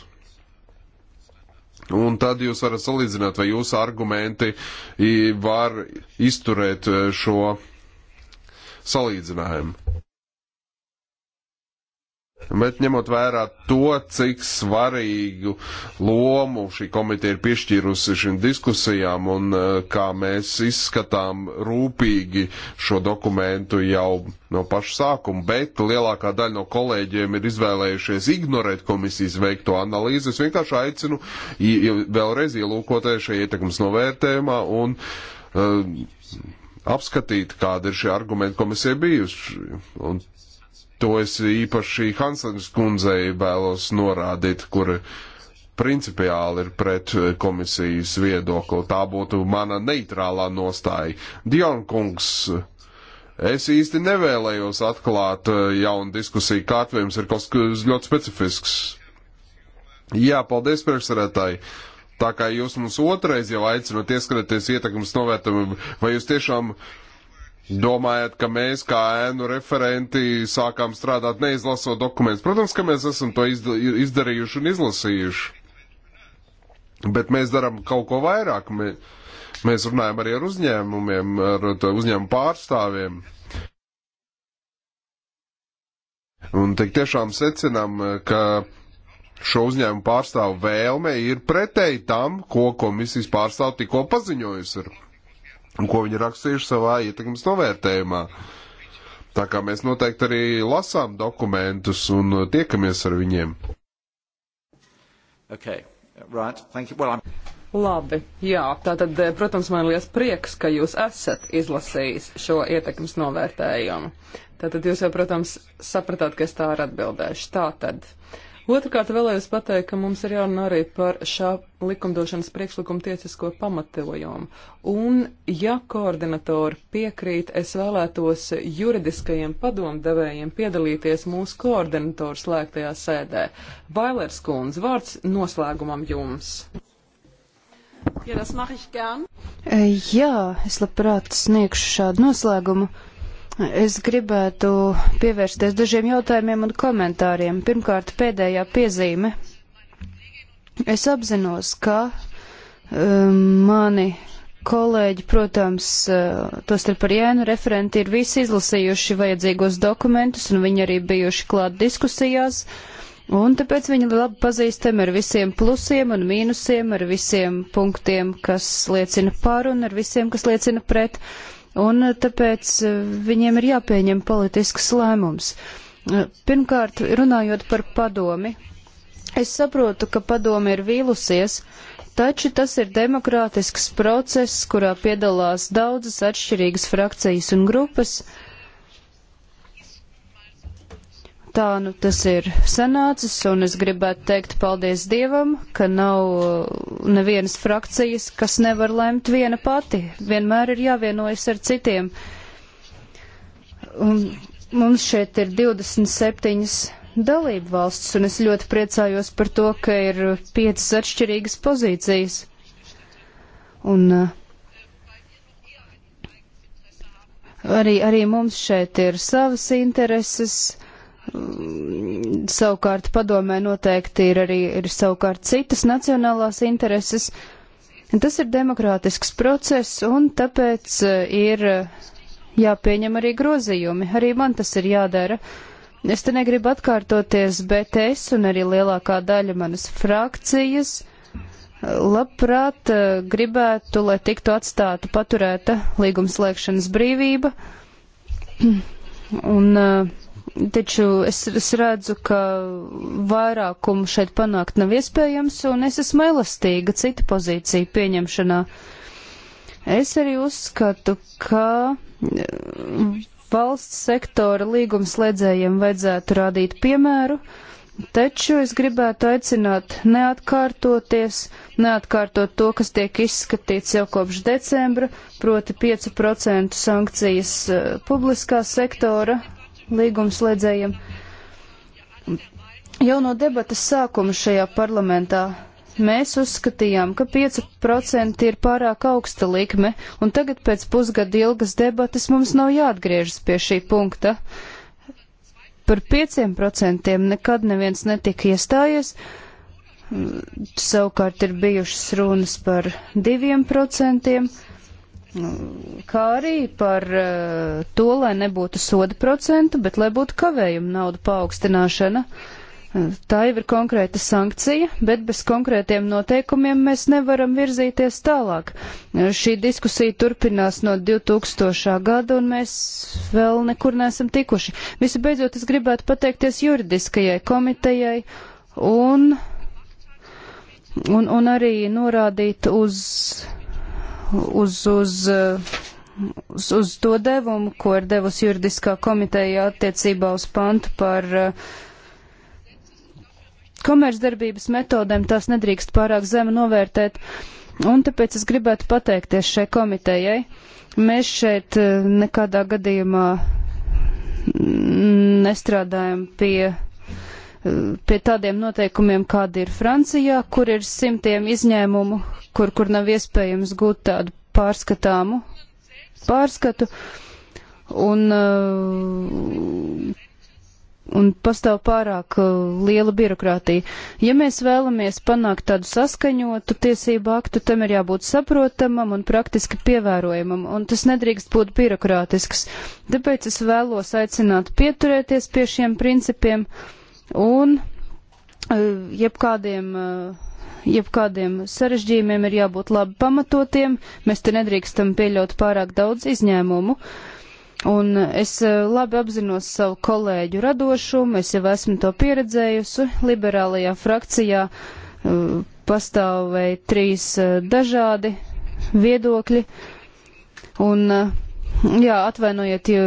Un tad jūs varat salīdzināt, vai jūsu argumenti var izturēt e, šo salīdzinājumu. Bet ņemot vērā to, cik svarīgu lomu šī komiteja ir piešķīrusi šīm diskusijām un eh, kā mēs izskatām rūpīgi šo dokumentu jau no paša sākuma, bet lielākā daļa no kolēģiem ir izvēlējušies ignorēt komisijas veikto analīzi, es vienkārši aicinu vēlreiz ielūkoties šajā ietekmes novērtējumā un uh, apskatīt, kāda ir šī argumenta komisija bijusi. Un To es īpaši Hansenas kundzei vēlos norādīt, kur principiāli ir pret komisijas viedokli. Tā būtu mana neitrālā nostāja. Dion kungs, es īsti nevēlējos atklāt eh, jaunu diskusiju kārtvējumus, ir kaut kas ļoti specifisks. Jā, paldies priekšsarētāji. Tā kā jūs mums otrais jau aicinat ieskrēties ietekmes novērtējumu, vai jūs tiešām uh, Domājat, ka mēs kā ēnu referenti sākām strādāt neizlasot dokumentus? Protams, ka mēs esam to izdarījuši un izlasījuši. Bet mēs darām kaut ko vairāk. Mēs, mēs runājam arī ar uzņēmumiem, ar uzņēmumu pārstāvjiem. Un tik tiešām secinām, ka šo uzņēmumu pārstāvu vēlme ir pretēji tam, ko komisijas pārstāv tikko paziņojusi. Ir ko viņi rakstījuši savā ietekmes novērtējumā. Tā kā mēs noteikti arī lasām dokumentus un tiekamies ar viņiem. Okay. Right. Thank you. Well, I'm... Labi, jā, tātad, eh, protams, man liels prieks, ka jūs esat izlasījis šo ietekmes novērtējumu. Tātad jūs jau, protams, sapratāt, ka es tā arī atbildēšu. Tātad, uh, Otrakārt vēlējos pateikt, ka mums ir jārunā arī par šā likumdošanas priekšlikuma tiesisko pamatojumu. Un, ja koordinatori piekrīt, es vēlētos juridiskajiem padomdevējiem piedalīties mūsu koordinatoru slēgtajā sēdē. Vailers kundze, vārds noslēgumam jums. Ja, Jā, es labprāt sniegšu šādu noslēgumu. Es gribētu pievērsties dažiem jautājumiem un komentāriem. Pirmkārt, pēdējā piezīme. Es apzinos, ka um, mani kolēģi, protams, uh, tostarp ar Jēnu referenti ir visi izlasījuši vajadzīgos dokumentus, un viņi arī bijuši klāt diskusijās, un tāpēc viņi labi pazīstami ar visiem plusiem un mīnusiem, ar visiem punktiem, kas liecina par un ar visiem, kas liecina pret. Uh, un eh, tāpēc eh, viņiem ir jāpieņem politisks lēmums. Eh, pirmkārt, runājot par padomi, es saprotu, ka padomi ir vīlusies, taču tas ir demokrātisks process, kurā piedalās daudzas atšķirīgas frakcijas un grupas. Uh, Tā nu tas ir sanācis, un es gribētu teikt paldies Dievam, ka nav uh, nevienas frakcijas, kas nevar lemt viena pati. Vienmēr ir jāvienojas ar citiem. Un mums šeit ir 27 dalību valsts, un es ļoti priecājos par to, ka ir piecas atšķirīgas pozīcijas. Un uh, arī, arī mums šeit ir savas intereses Mm, savukārt padomē noteikti ir arī ir savukārt citas nacionālās intereses. Tas ir demokrātisks process un tāpēc eh, ir eh, jāpieņem arī grozījumi. Arī man tas ir jādara. Es te negribu atkārtoties, bet es un arī lielākā daļa manas frakcijas eh, labprāt gribētu, lai tiktu atstāta paturēta līgumslēgšanas brīvība. *clears throat* Un uh, Taču es, es redzu, ka vairākumu šeit panākt nav iespējams, un es esmu elastīga citu pozīciju pieņemšanā. Es arī uzskatu, ka mm, valsts sektora līgumslēdzējiem vajadzētu rādīt piemēru, taču es gribētu aicināt neatkārtoties, neatkārtot to, kas tiek izskatīts jau kopš decembra, proti 5% sankcijas eh, publiskā sektora līgumslēdzējiem. Jau no debatas sākuma šajā parlamentā mēs uzskatījām, ka 5% ir pārāk augsta likme, un tagad pēc pusgada ilgas debatas mums nav jāatgriežas pie šī punkta. Par 5% nekad neviens netika iestājies, savukārt ir bijušas runas par 2%, kā arī par eh, to, lai nebūtu soda procentu, bet lai būtu kavējuma naudu paaugstināšana. Eh, tā jau ir konkrēta sankcija, bet bez konkrētiem noteikumiem mēs nevaram virzīties tālāk. Eh, šī diskusija turpinās no 2000. gada, un mēs vēl nekur neesam tikuši. Visu beidzot, es gribētu pateikties juridiskajai komitejai un, un, un arī norādīt uz uz, uz, uz, uz to devumu, ko ir devusi juridiskā komiteja attiecībā uz pantu par uh, komercdarbības metodēm, tās nedrīkst pārāk zemu novērtēt, un tāpēc es gribētu pateikties šai komitejai. Mēs šeit eh, nekādā gadījumā nestrādājam pie pie tādiem noteikumiem, kādi ir Francijā, kur ir simtiem izņēmumu, kur, kur nav iespējams gūt tādu pārskatāmu pārskatu. Un, uh, un pastāv pārāk uh, liela birokrātija. Ja mēs vēlamies panākt tādu saskaņotu tiesību aktu, tam ir jābūt saprotamam un praktiski pievērojamam, un tas nedrīkst būt birokrātisks. Tāpēc es vēlos aicināt pieturēties pie šiem principiem. Uh, un e, jebkādiem, e, jebkādiem sarežģījumiem ir jābūt labi pamatotiem. Mēs te nedrīkstam pieļaut pārāk daudz izņēmumu. Un es e, labi apzinos savu kolēģu radošumu, es jau esmu to pieredzējusi. Liberālajā frakcijā pastāvēja trīs dažādi viedokļi. Un uh, Jā, atvainojiet, jo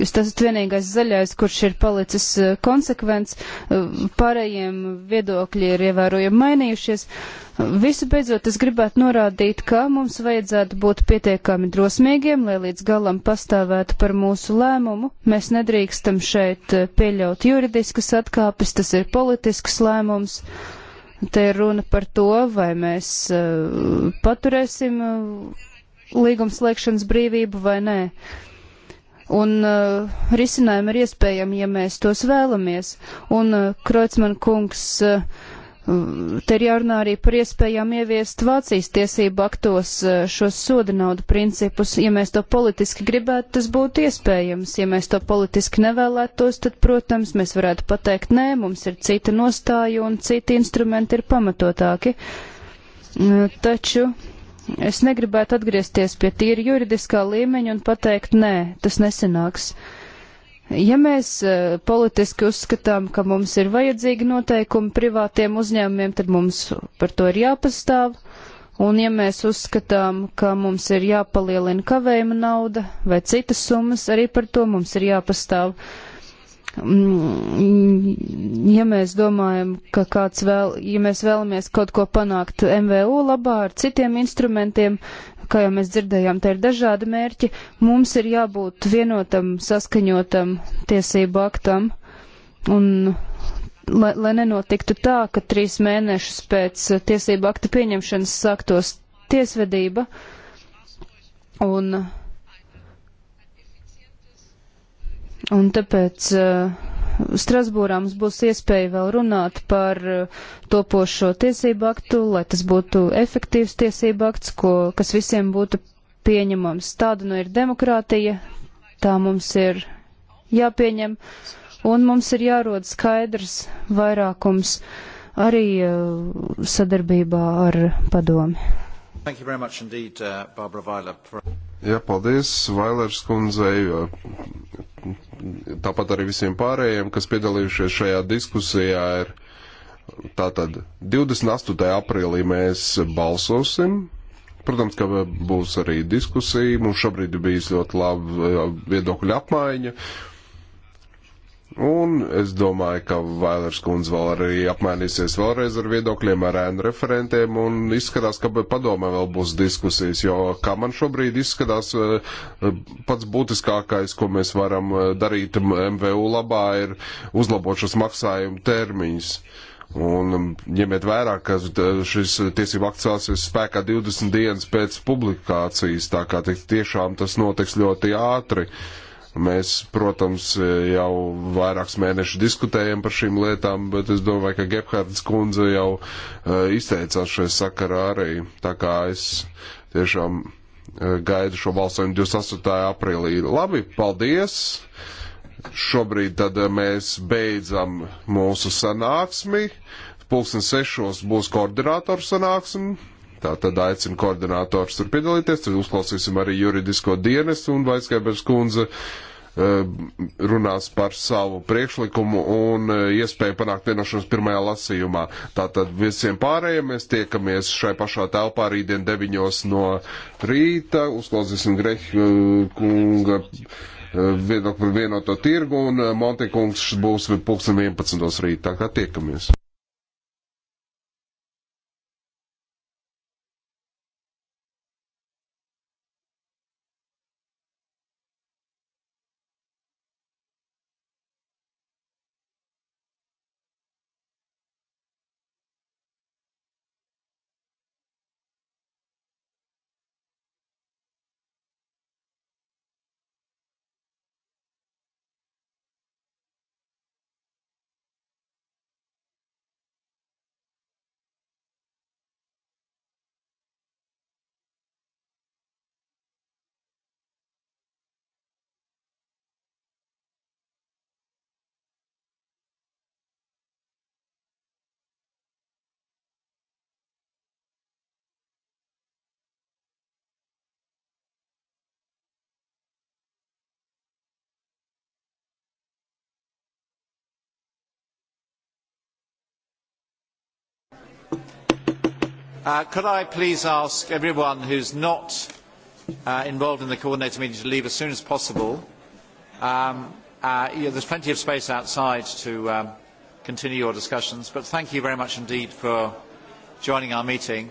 jūs esat vienīgais zaļais, kurš ir palicis eh, konsekvents, eh, pārējiem viedokļi ir ievērojami mainījušies. Eh, visu beidzot, es gribētu norādīt, ka mums vajadzētu būt pietiekami drosmīgiem, lai līdz galam pastāvētu par mūsu lēmumu. Mēs nedrīkstam šeit pieļaut juridiskas atkāpes, tas ir politisks lēmums. Te ir runa par to, vai mēs paturēsim līgums slēgšanas brīvību vai nē. Un uh, risinājumi ir iespējami, ja mēs tos vēlamies. Un uh, Kreutzmann kungs. Uh, Te ir jārunā arī par iespējām ieviest Vācijas tiesību aktos uh, šos soda naudu principus. Ja mēs to politiski gribētu, tas būtu iespējams. Ja mēs to politiski nevēlētos, tad, protams, mēs varētu pateikt, nē, mums ir cita nostāja un citi instrumenti ir pamatotāki. Uh, taču Es negribētu atgriezties pie tīri juridiskā līmeņa un pateikt, nē, tas nesanāks. Ja mēs e, politiski uzskatām, ka mums ir vajadzīgi noteikumi privātiem uzņēmumiem, tad mums par to ir jāpastāv. Un ja mēs uzskatām, ka mums ir jāpalielina kavējuma nauda vai citas summas, arī par to mums ir jāpastāv. Uh, Mm, ja mēs domājam, ka kāds vēl, ja mēs vēlamies kaut ko panākt MVU labā ar citiem instrumentiem, kā jau mēs dzirdējām, te ir dažādi mērķi, mums ir jābūt vienotam, saskaņotam tiesību aktam. Un lai, lai nenotiktu tā, ka trīs mēnešus pēc tiesību akta pieņemšanas sāktos tiesvedība. Un uh, Un tāpēc eh, Strasbūrā mums būs iespēja vēl runāt par eh, topošo tiesību aktu, lai tas būtu efektīvs tiesību akts, ko, kas visiem būtu pieņemams. Tāda nu ir demokrātija, tā mums ir jāpieņem, un mums ir jārod skaidrs vairākums arī eh, sadarbībā ar padomi. Thank you very much indeed, uh, Barbara Viola. For... Jā, paldies Vailers kundzei, tāpat arī visiem pārējiem, kas piedalījušies šajā diskusijā. Ir tātad 28. aprīlī mēs balsosim. Protams, ka būs arī diskusija. Mums šobrīd ir bijusi ļoti laba viedokļa apmaiņa. Un es domāju, ka Vailers kundze vēl arī apmainīsies vēlreiz ar viedokļiem ar ēnu referentiem un izskatās, ka padomē vēl būs diskusijas, jo kā man šobrīd izskatās, eh, pats būtiskākais, ko mēs varam eh, darīt MVU labā, ir uzlabot šos maksājumu termiņus. Un um, ņemiet vērā, ka eh, šis tiesību akts sāksies spēkā 20 dienas pēc publikācijas, tā kā tiešām tas notiks ļoti ātri. Uh, Mēs, protams, jau vairākus mēnešus diskutējam par šīm lietām, bet es domāju, ka Gebhards kundze jau eh, izteicās šajā sakarā arī. Tā kā es tiešām eh, gaidu šo balsojumu 28. aprīlī. Labi, paldies! Šobrīd tad eh, mēs beidzam mūsu sanāksmi. Pulksten sešos būs koordinātoru sanāksme. Tā tad aicinu koordinātors tur piedalīties, tad uzklausīsim arī juridisko dienestu un Vaiskaibers kundze eh, runās par savu priekšlikumu un eh, iespēju panākt vienošanos pirmajā lasījumā. Tātad visiem pārējiem mēs tiekamies šai pašā telpā rītdien 9 no rīta, uzklausīsim Grehu eh, kunga viedokli par vienoto tirgu un Montekungs būs 11. rītā. Tā kā tiekamies! Uh, could I please ask everyone who's not uh, involved in the coordinator meeting to leave as soon as possible? Um, uh, yeah, there's plenty of space outside to um, continue your discussions, but thank you very much indeed for joining our meeting.